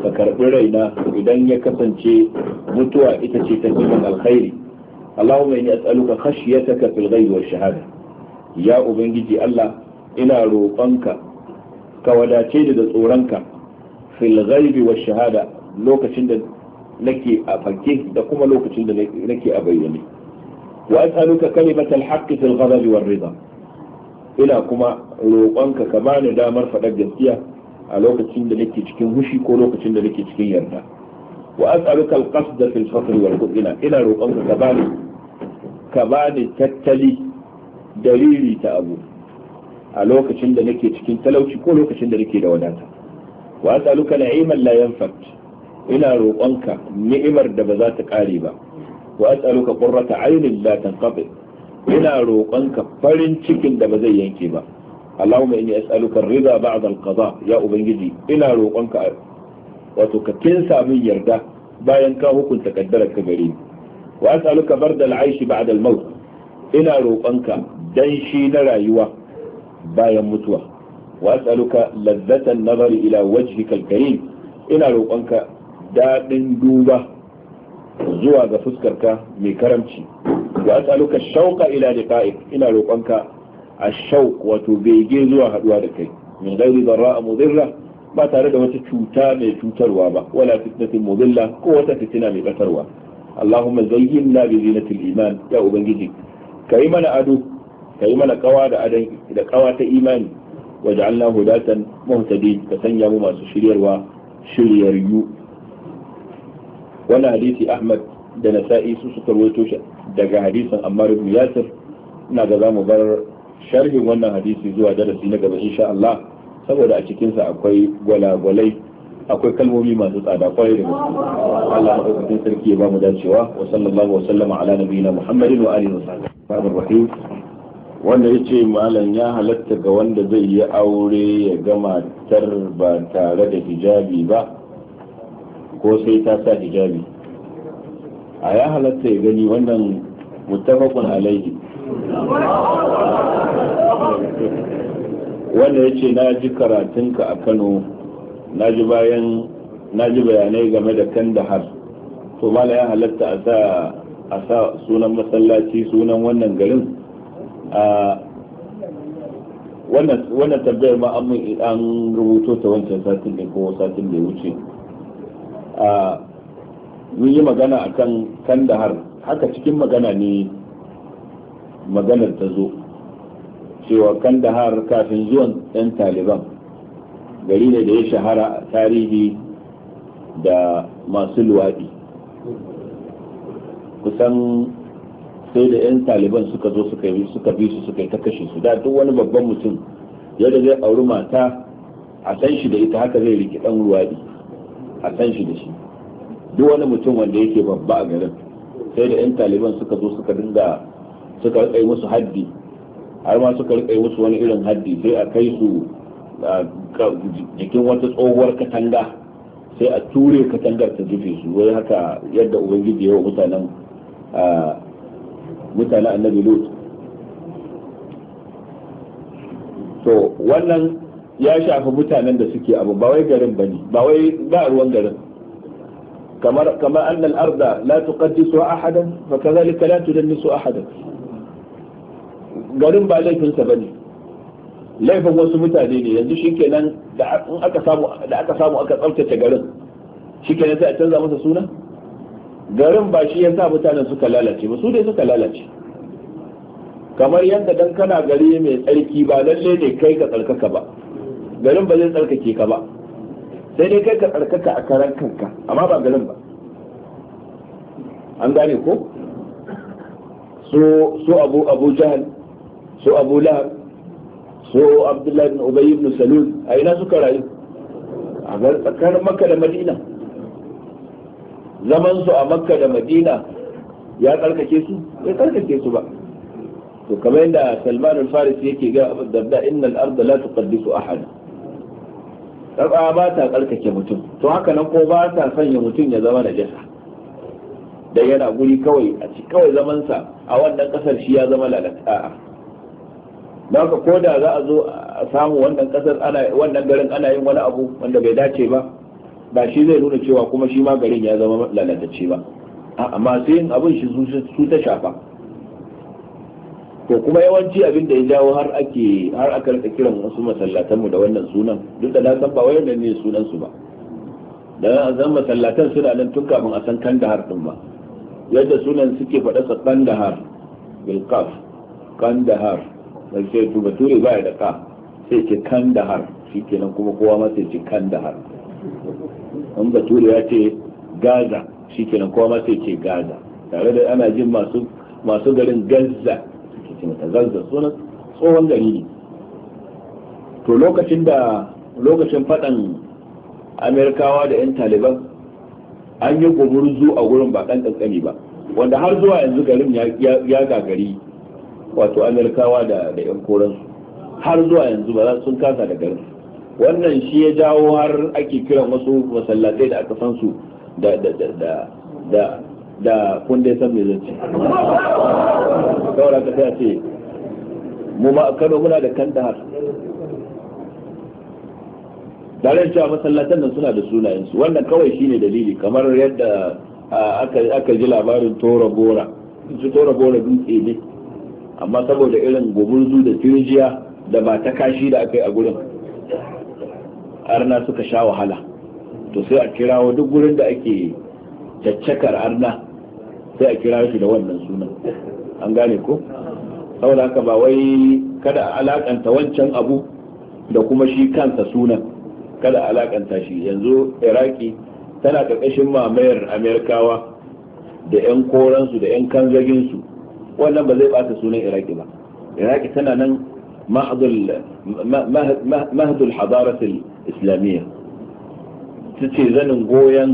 ka karbi raina idan ya kasance mutuwa ita ce ta cikin alkhairi Allahumma inni as'aluka khashyataka fil ghaibi wash shahada ya ubangiji Allah ina roƙonka ka wadace ni da tsoronka fil ghaibi wa shahada lokacin da nake a fake da kuma lokacin da nake a bayyane wa as'aluka kalimatal haqqi fil ghadabi war ridha ina kuma roƙonka ka bani damar faɗar gaskiya a lokacin da nake cikin hushi ko lokacin da nake cikin yarda wa as'aluka al-qasd fi al-fakhr wal ghina ina roƙonka ka bani ka bani tattali dalili ta abu a lokacin da nake cikin talauci ko lokacin da nake da wadata wa as'aluka na'iman la yanfat ina roƙonka ni'imar da ba za ta ƙare ba wa as'aluka qurrata aynin la tanqati ina roƙonka farin cikin da ba zai yanke ba Allahumma inni as'aluka ar-ridha ba'da al-qada ya ubangiji ina roƙonka wato ka kinsa min yarda bayan ka hukunta kaddarar ka gare ni wa as'aluka barda al-aish ba'da al-maut ina roƙonka danshi na rayuwa bayan mutuwa wa as'aluka ladzatan nazari ila wajhikal karim ina roƙonka daɗin duba zuwa ga fuskarka mai karamci wa as'aluka shauƙa ila liqa'ik ina roƙonka ash wato bege zuwa haɗuwa da kai min ghairi a mudirra ba tare da wata cuta mai cutarwa ba wala fitnatin mudilla ko wata fitina mai batarwa allahumma zayyinna bi zinatil iman ya ubangiji yi mana ado ka yi mana kawa da adan da kawa ta imani waj'alna hudatan muhtadin ka sanya mu masu shiryarwa shiryaryu wannan hadisi Ahmad da Nasa'i su suka rawaito shi daga hadisin Ammar ibn Yasir ina ga zamu bar sharhin wannan hadisi zuwa darasi na gaba insha Allah saboda a cikin sa akwai gwalagwalai akwai kalmomi masu tsada kwarai da gaske Allah madaukakin sarki ya bamu dacewa wa sallallahu wa sallama ala nabiyina Muhammadin wa alihi wa sahbihi wanda ya ce malam ya halatta ga wanda zai yi aure ya gama tar ba tare da hijabi ba ko sai ta sa hijabi a ya halatta ya gani wannan mutafakun alaihi wanda ya ce na ji karatunka a kano na ji bayan na ji bayanai game da kandahar to malam ya halatta a sa sunan masallaci sunan wannan garin wannan tambayar ma an rubuto ta wancan satin ne ko satin da ya wuce mun yi magana a kan kandahar haka cikin magana ne maganar ta zo cewa kandahar kafin zuwan 'yan taliban gari ne da ya shahara tarihi da masu luwaɗi kusan sai da yan taliban suka zo suka yi suka bi su suka yi ta kashe su da duk wani babban mutum yadda zai auri mata a san shi da ita haka zai riki dan ruwadi a san shi da shi duk wani mutum wanda yake babba a garin sai da yan taliban suka zo suka dinga suka rika yi musu haddi har ma suka rika yi musu wani irin haddi sai a kai su jikin wata tsohuwar katanga sai a ture katangar ta jufe su wai haka yadda ubangiji yawa mutanen mutane annabi lut to wannan ya shafi mutanen da suke abu ba wai garin bane ba wai ba ruwan garin kamar kamar annal arda la tuqaddisu ahadan fa kadhalika la tudannisu ahadan garin ba laifinsa bane laifin wasu mutane ne yanzu shikenan da aka samu da aka samu aka tsaftace garin shikenan sai a canza masa suna garin ba shi ya sa mutanen suka lalace ba su dai suka lalace kamar yadda dan kana gari mai tsarki ba lalle ne kai ka tsarkaka ba garin ba zai tsarkake ka ba sai dai kai ka tsarkaka a karan kanka amma ba garin ba an gane ko su abu abu jahal su abu lahab su abdullahi ibn ubay ibn salul a ina suka rayu a tsakar makka da madina zaman su a makka da madina ya tsarkake su ya tsarkake su ba to kamar yadda salman al-faris yake ga abu inna al-ard la tuqaddisu ahad kaza ba ta tsarkake mutum to haka nan ko ba ta sanya mutum ya zama najasa da yana guri kawai a ci kawai zaman sa a wannan kasar shi ya zama lalata a haka ko da za a zo a samu wannan kasar ana wannan garin ana yin wani abu wanda bai dace ba ba shi zai nuna cewa kuma shi ma garin ya zama lalatacce ba amma sai yin abin shi su ta shafa ko kuma yawanci abin da ya jawo har ake har aka rika kiran wasu masallatan mu da wannan sunan duk da na san ba wai ne sunan su ba da san masallatan suna nan tun kafin a san Kandahar din ba yadda sunan suke faɗa sa Kandahar bil qaf Kandahar sai ce to bature ba da ka sai ce Kandahar shikenan kuma kowa ma sai ce Kandahar in bature ya ce gaza shi kenan kowa ma sai ce gaza tare da ana jin masu masu garin gaza suke ce mata gaza sunan tsohon gari ne to lokacin da lokacin faɗan amerikawa da 'yan taliban an yi gumurzu a gurin ba ɗan ƙanƙani ba wanda har zuwa yanzu garin ya gagari wato amerikawa da 'yan koransu har zuwa yanzu ba za sun kasa da garin wannan shi ya jawo har ake kiran wasu masallatai da aka san su da da da da da kun dai san me zai ce kawai ka sai ce mu ma a Kano muna da Kandahar dalilin cewa masallatan nan suna da sunayensu wannan kawai shine dalili kamar yadda aka ji labarin tora bora su tora bora dutse ne amma saboda irin gumurzu da tirjiya da ba ta kashi da aka yi a gurin arna suka sha wahala to sai a kirawo duk gurin da ake caccakar arna sai a kira shi da wannan sunan an gane ko saboda haka ba wai kada a alakanta wancan abu da kuma shi kansa sunan kada alakanta shi yanzu iraki tana ƙarƙashin mamayar amerikawa da 'yan koransu da 'yan kanzaginsu wannan ba zai bata sunan iraki ba iraki tana nan mahdul hadaratul islamiyya su ce zanin goyon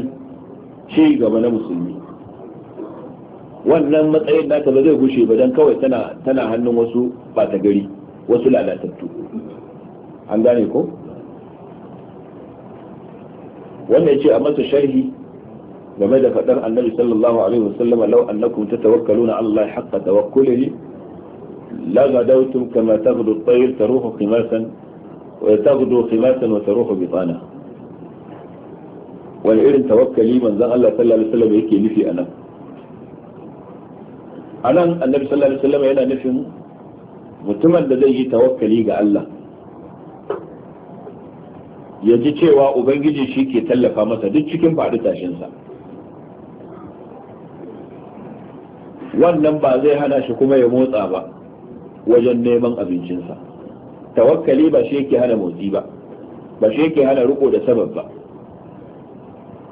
ci gaba na musulmi wannan matsayin nata ba zai gushe ba don kawai tana hannun wasu bata gari wasu lalatattu an gane ko wannan ce a masa sharhi game da faɗar annabi sallallahu alaihi wasallama law annakum tatawakkaluna ala Allah haqqa tawakkulihi la gadawtum kama taghdu at-tayr taruhu qimasan ويتغدو خماسا وتروح بطانا wani irin tawakkali manzon Allah sallallahu alaihi yake nufi anan anan أنا sallallahu alaihi yana nufin mutumin da zai yi tawakkali ga Allah ya ji cewa ubangiji shi ke tallafa masa duk cikin faɗi tashinsa wannan ba zai hana shi kuma ya motsa ba wajen neman abincinsa tawakkali ba shi yake hana motsi ba ba shi yake hana riko da sabab ba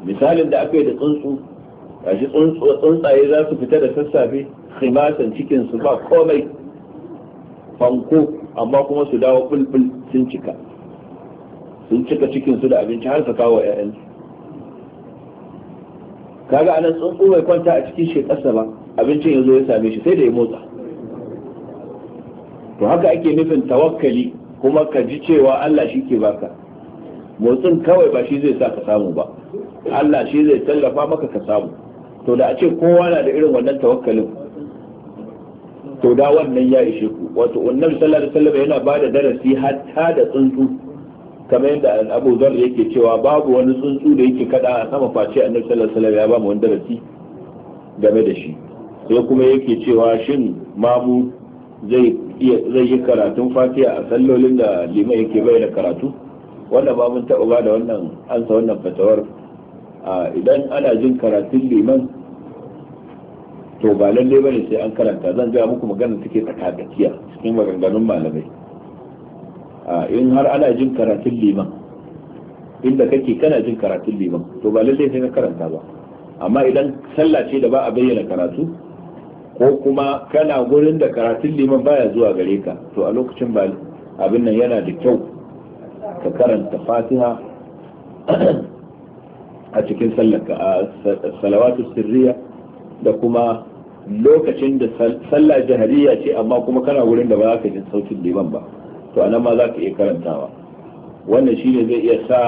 misalin da aka yi da tsuntsu a shi tsuntsaye za su fita da sassafe khimasan cikin su ba komai fanko amma kuma su dawo bulbul sun cika sun cika cikin su da abinci har su kawo ƴaƴan kaga anan tsuntsu bai kwanta a cikin shi ƙasa ba abincin yanzu ya same shi sai da ya motsa to haka ake nufin tawakkali kuma ka ji cewa Allah shi ke baka motsin kawai ba shi zai sa ka samu ba Allah shi zai tallafa maka ka samu to da a ce kowa na da irin wannan tawakkalin to da wannan ya ishe ku wato annabi sallallahu alaihi wasallam yana ba da darasi hatta da tsuntsu kamar yadda Abu Zar yake cewa babu wani tsuntsu da yake kada a sama face annabi sallallahu alaihi wasallam ya ba mu wani darasi game da shi sai kuma yake cewa shin mamu zai yi karatun fatiha a sallolin da liman yake bayyana karatu wanda ba mun taɓa ba da wannan ansa wannan fatawar idan ana jin karatun liman to ba lalle bane sai an karanta zan ga muku magana take tsakatsakiya cikin maganganun malamai in har ana jin karatun liman inda kake kana jin karatun liman to ba lalle sai ka karanta ba amma idan sallah ce da ba a bayyana karatu ko kuma kana gurin da karatun liman baya zuwa gare ka to a lokacin ba abin nan yana da kyau ka karanta fatiha *clears throat* a cikin sallarka salawatu sirriya da kuma lokacin da sallah jahariya ce amma kuma kana wurin da ba za ka jin sautin liman ba to anan ma za ka iya karantawa wannan shine zai iya sa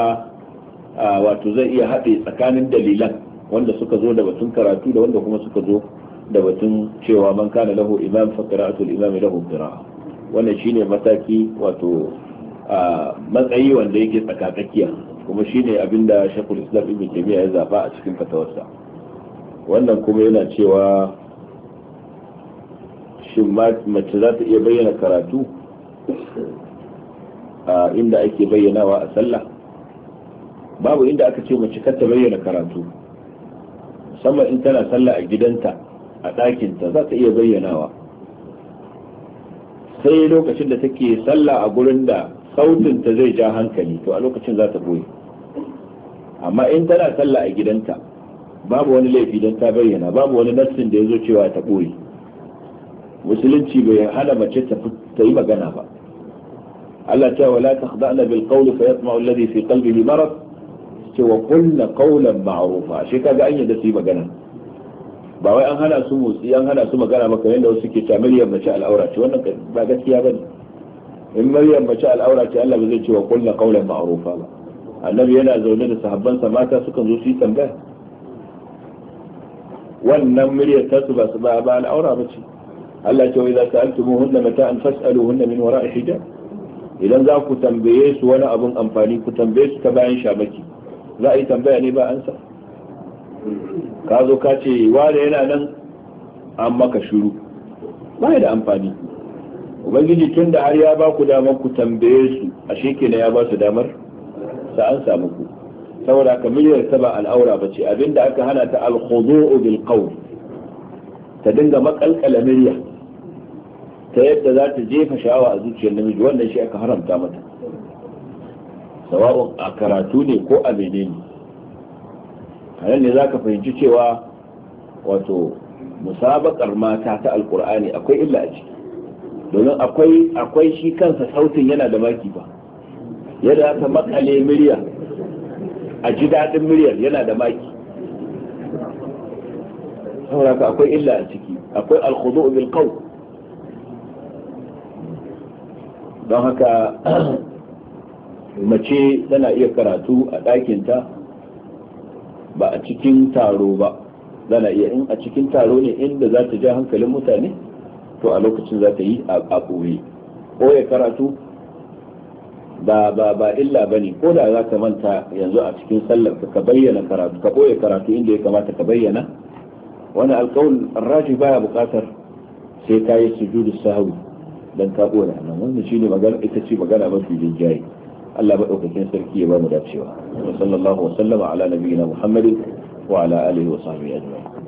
wato zai iya haɗe tsakanin dalilan wanda suka zo da batun karatu da wanda kuma suka zo da batun cewa man kana lahu imam fa al imam lahu qira'a wannan shine mataki wato a matsayi wanda yake tsakatsakiya kuma shine abinda Sheikhul Islam Ibn Taymiyyah ya zaba a cikin fatawarsa wannan kuma yana cewa shin mace za ta iya bayyana karatu a inda ake bayyanawa a sallah babu inda aka ce mace kar ta bayyana karatu musamman in tana sallah a gidanta a ɗakinta za ta iya bayyanawa sai lokacin da take sallah a gurin da sautinta zai ja hankali to a lokacin za ta boye amma in tana sallah a gidanta babu wani laifi don ta bayyana babu wani nassin da ya zo cewa ta boye musulunci bai hana mace ta yi magana ba Allah ta wala takhda'na bil qawli fa yatma'u alladhi fi qalbihi marad ce wa qulna maarufa shi kaga an yadda su yi magana ba wai an hana su motsi an hana su magana maka yadda wasu ke ta miliyan mace al'aura ce wannan ba gaskiya ba ne in miliyan mace al'aura ce Allah ba zai ce wa kullum qawlan ma'arufa ba annabi yana zaune da sahabbansa mata sukan zo su yi tambaya wannan miliyan tasu ba su ba ba al'aura ba ce Allah ce hunna mata an fasalu hunna min a hijab idan za ku tambaye su wani abun amfani ku tambaye su ta bayan shabaki za a yi tambaya ne ba ansa ka zo ka ce ware yana nan an maka shiru ba da amfani ubangiji tun da har ya ba ku damar ku tambaye su a shekina ya ba su damar sa an samu ku saboda haka miliyar ta ba al'aura ba ce abinda aka hana ta alkhudu'u bil qawl ta dinga makalkala miliya ta yadda za ta jefa sha'awa a zuciyar namiji wannan shi aka haramta mata sawa'un a karatu ne ko a menene nan ne za ka fahimci cewa wato musabakar mata ta alkur'ani akwai illa a ciki domin akwai akwai shi kansa sautin yana da maki ba yadda aka makale murya a ji daɗin muryar yana da maki saboda akwai illa a ciki akwai alkhudu bil qaw don haka *clears throat* mace tana iya karatu a ɗakinta ba a cikin taro ba zana iya in a cikin taro ne inda za ta ja hankalin mutane to a lokacin za ta yi a ɓoye ɓoye karatu ba ba ba illa ba ne ko da za ka manta yanzu a cikin sallar ka bayyana karatu ka ɓoye karatu inda ya kamata ka bayyana wani alkawul raji baya buƙatar sai ka yi sujudu sahu dan ka ɓoye nan wannan shine magana ita ce magana mafi jinjaye Allah madaukakin sarki ya ba mu dacewa sallallahu wa sallama ala nabiyina muhammadin wa ala alihi wa sahbihi ajma'in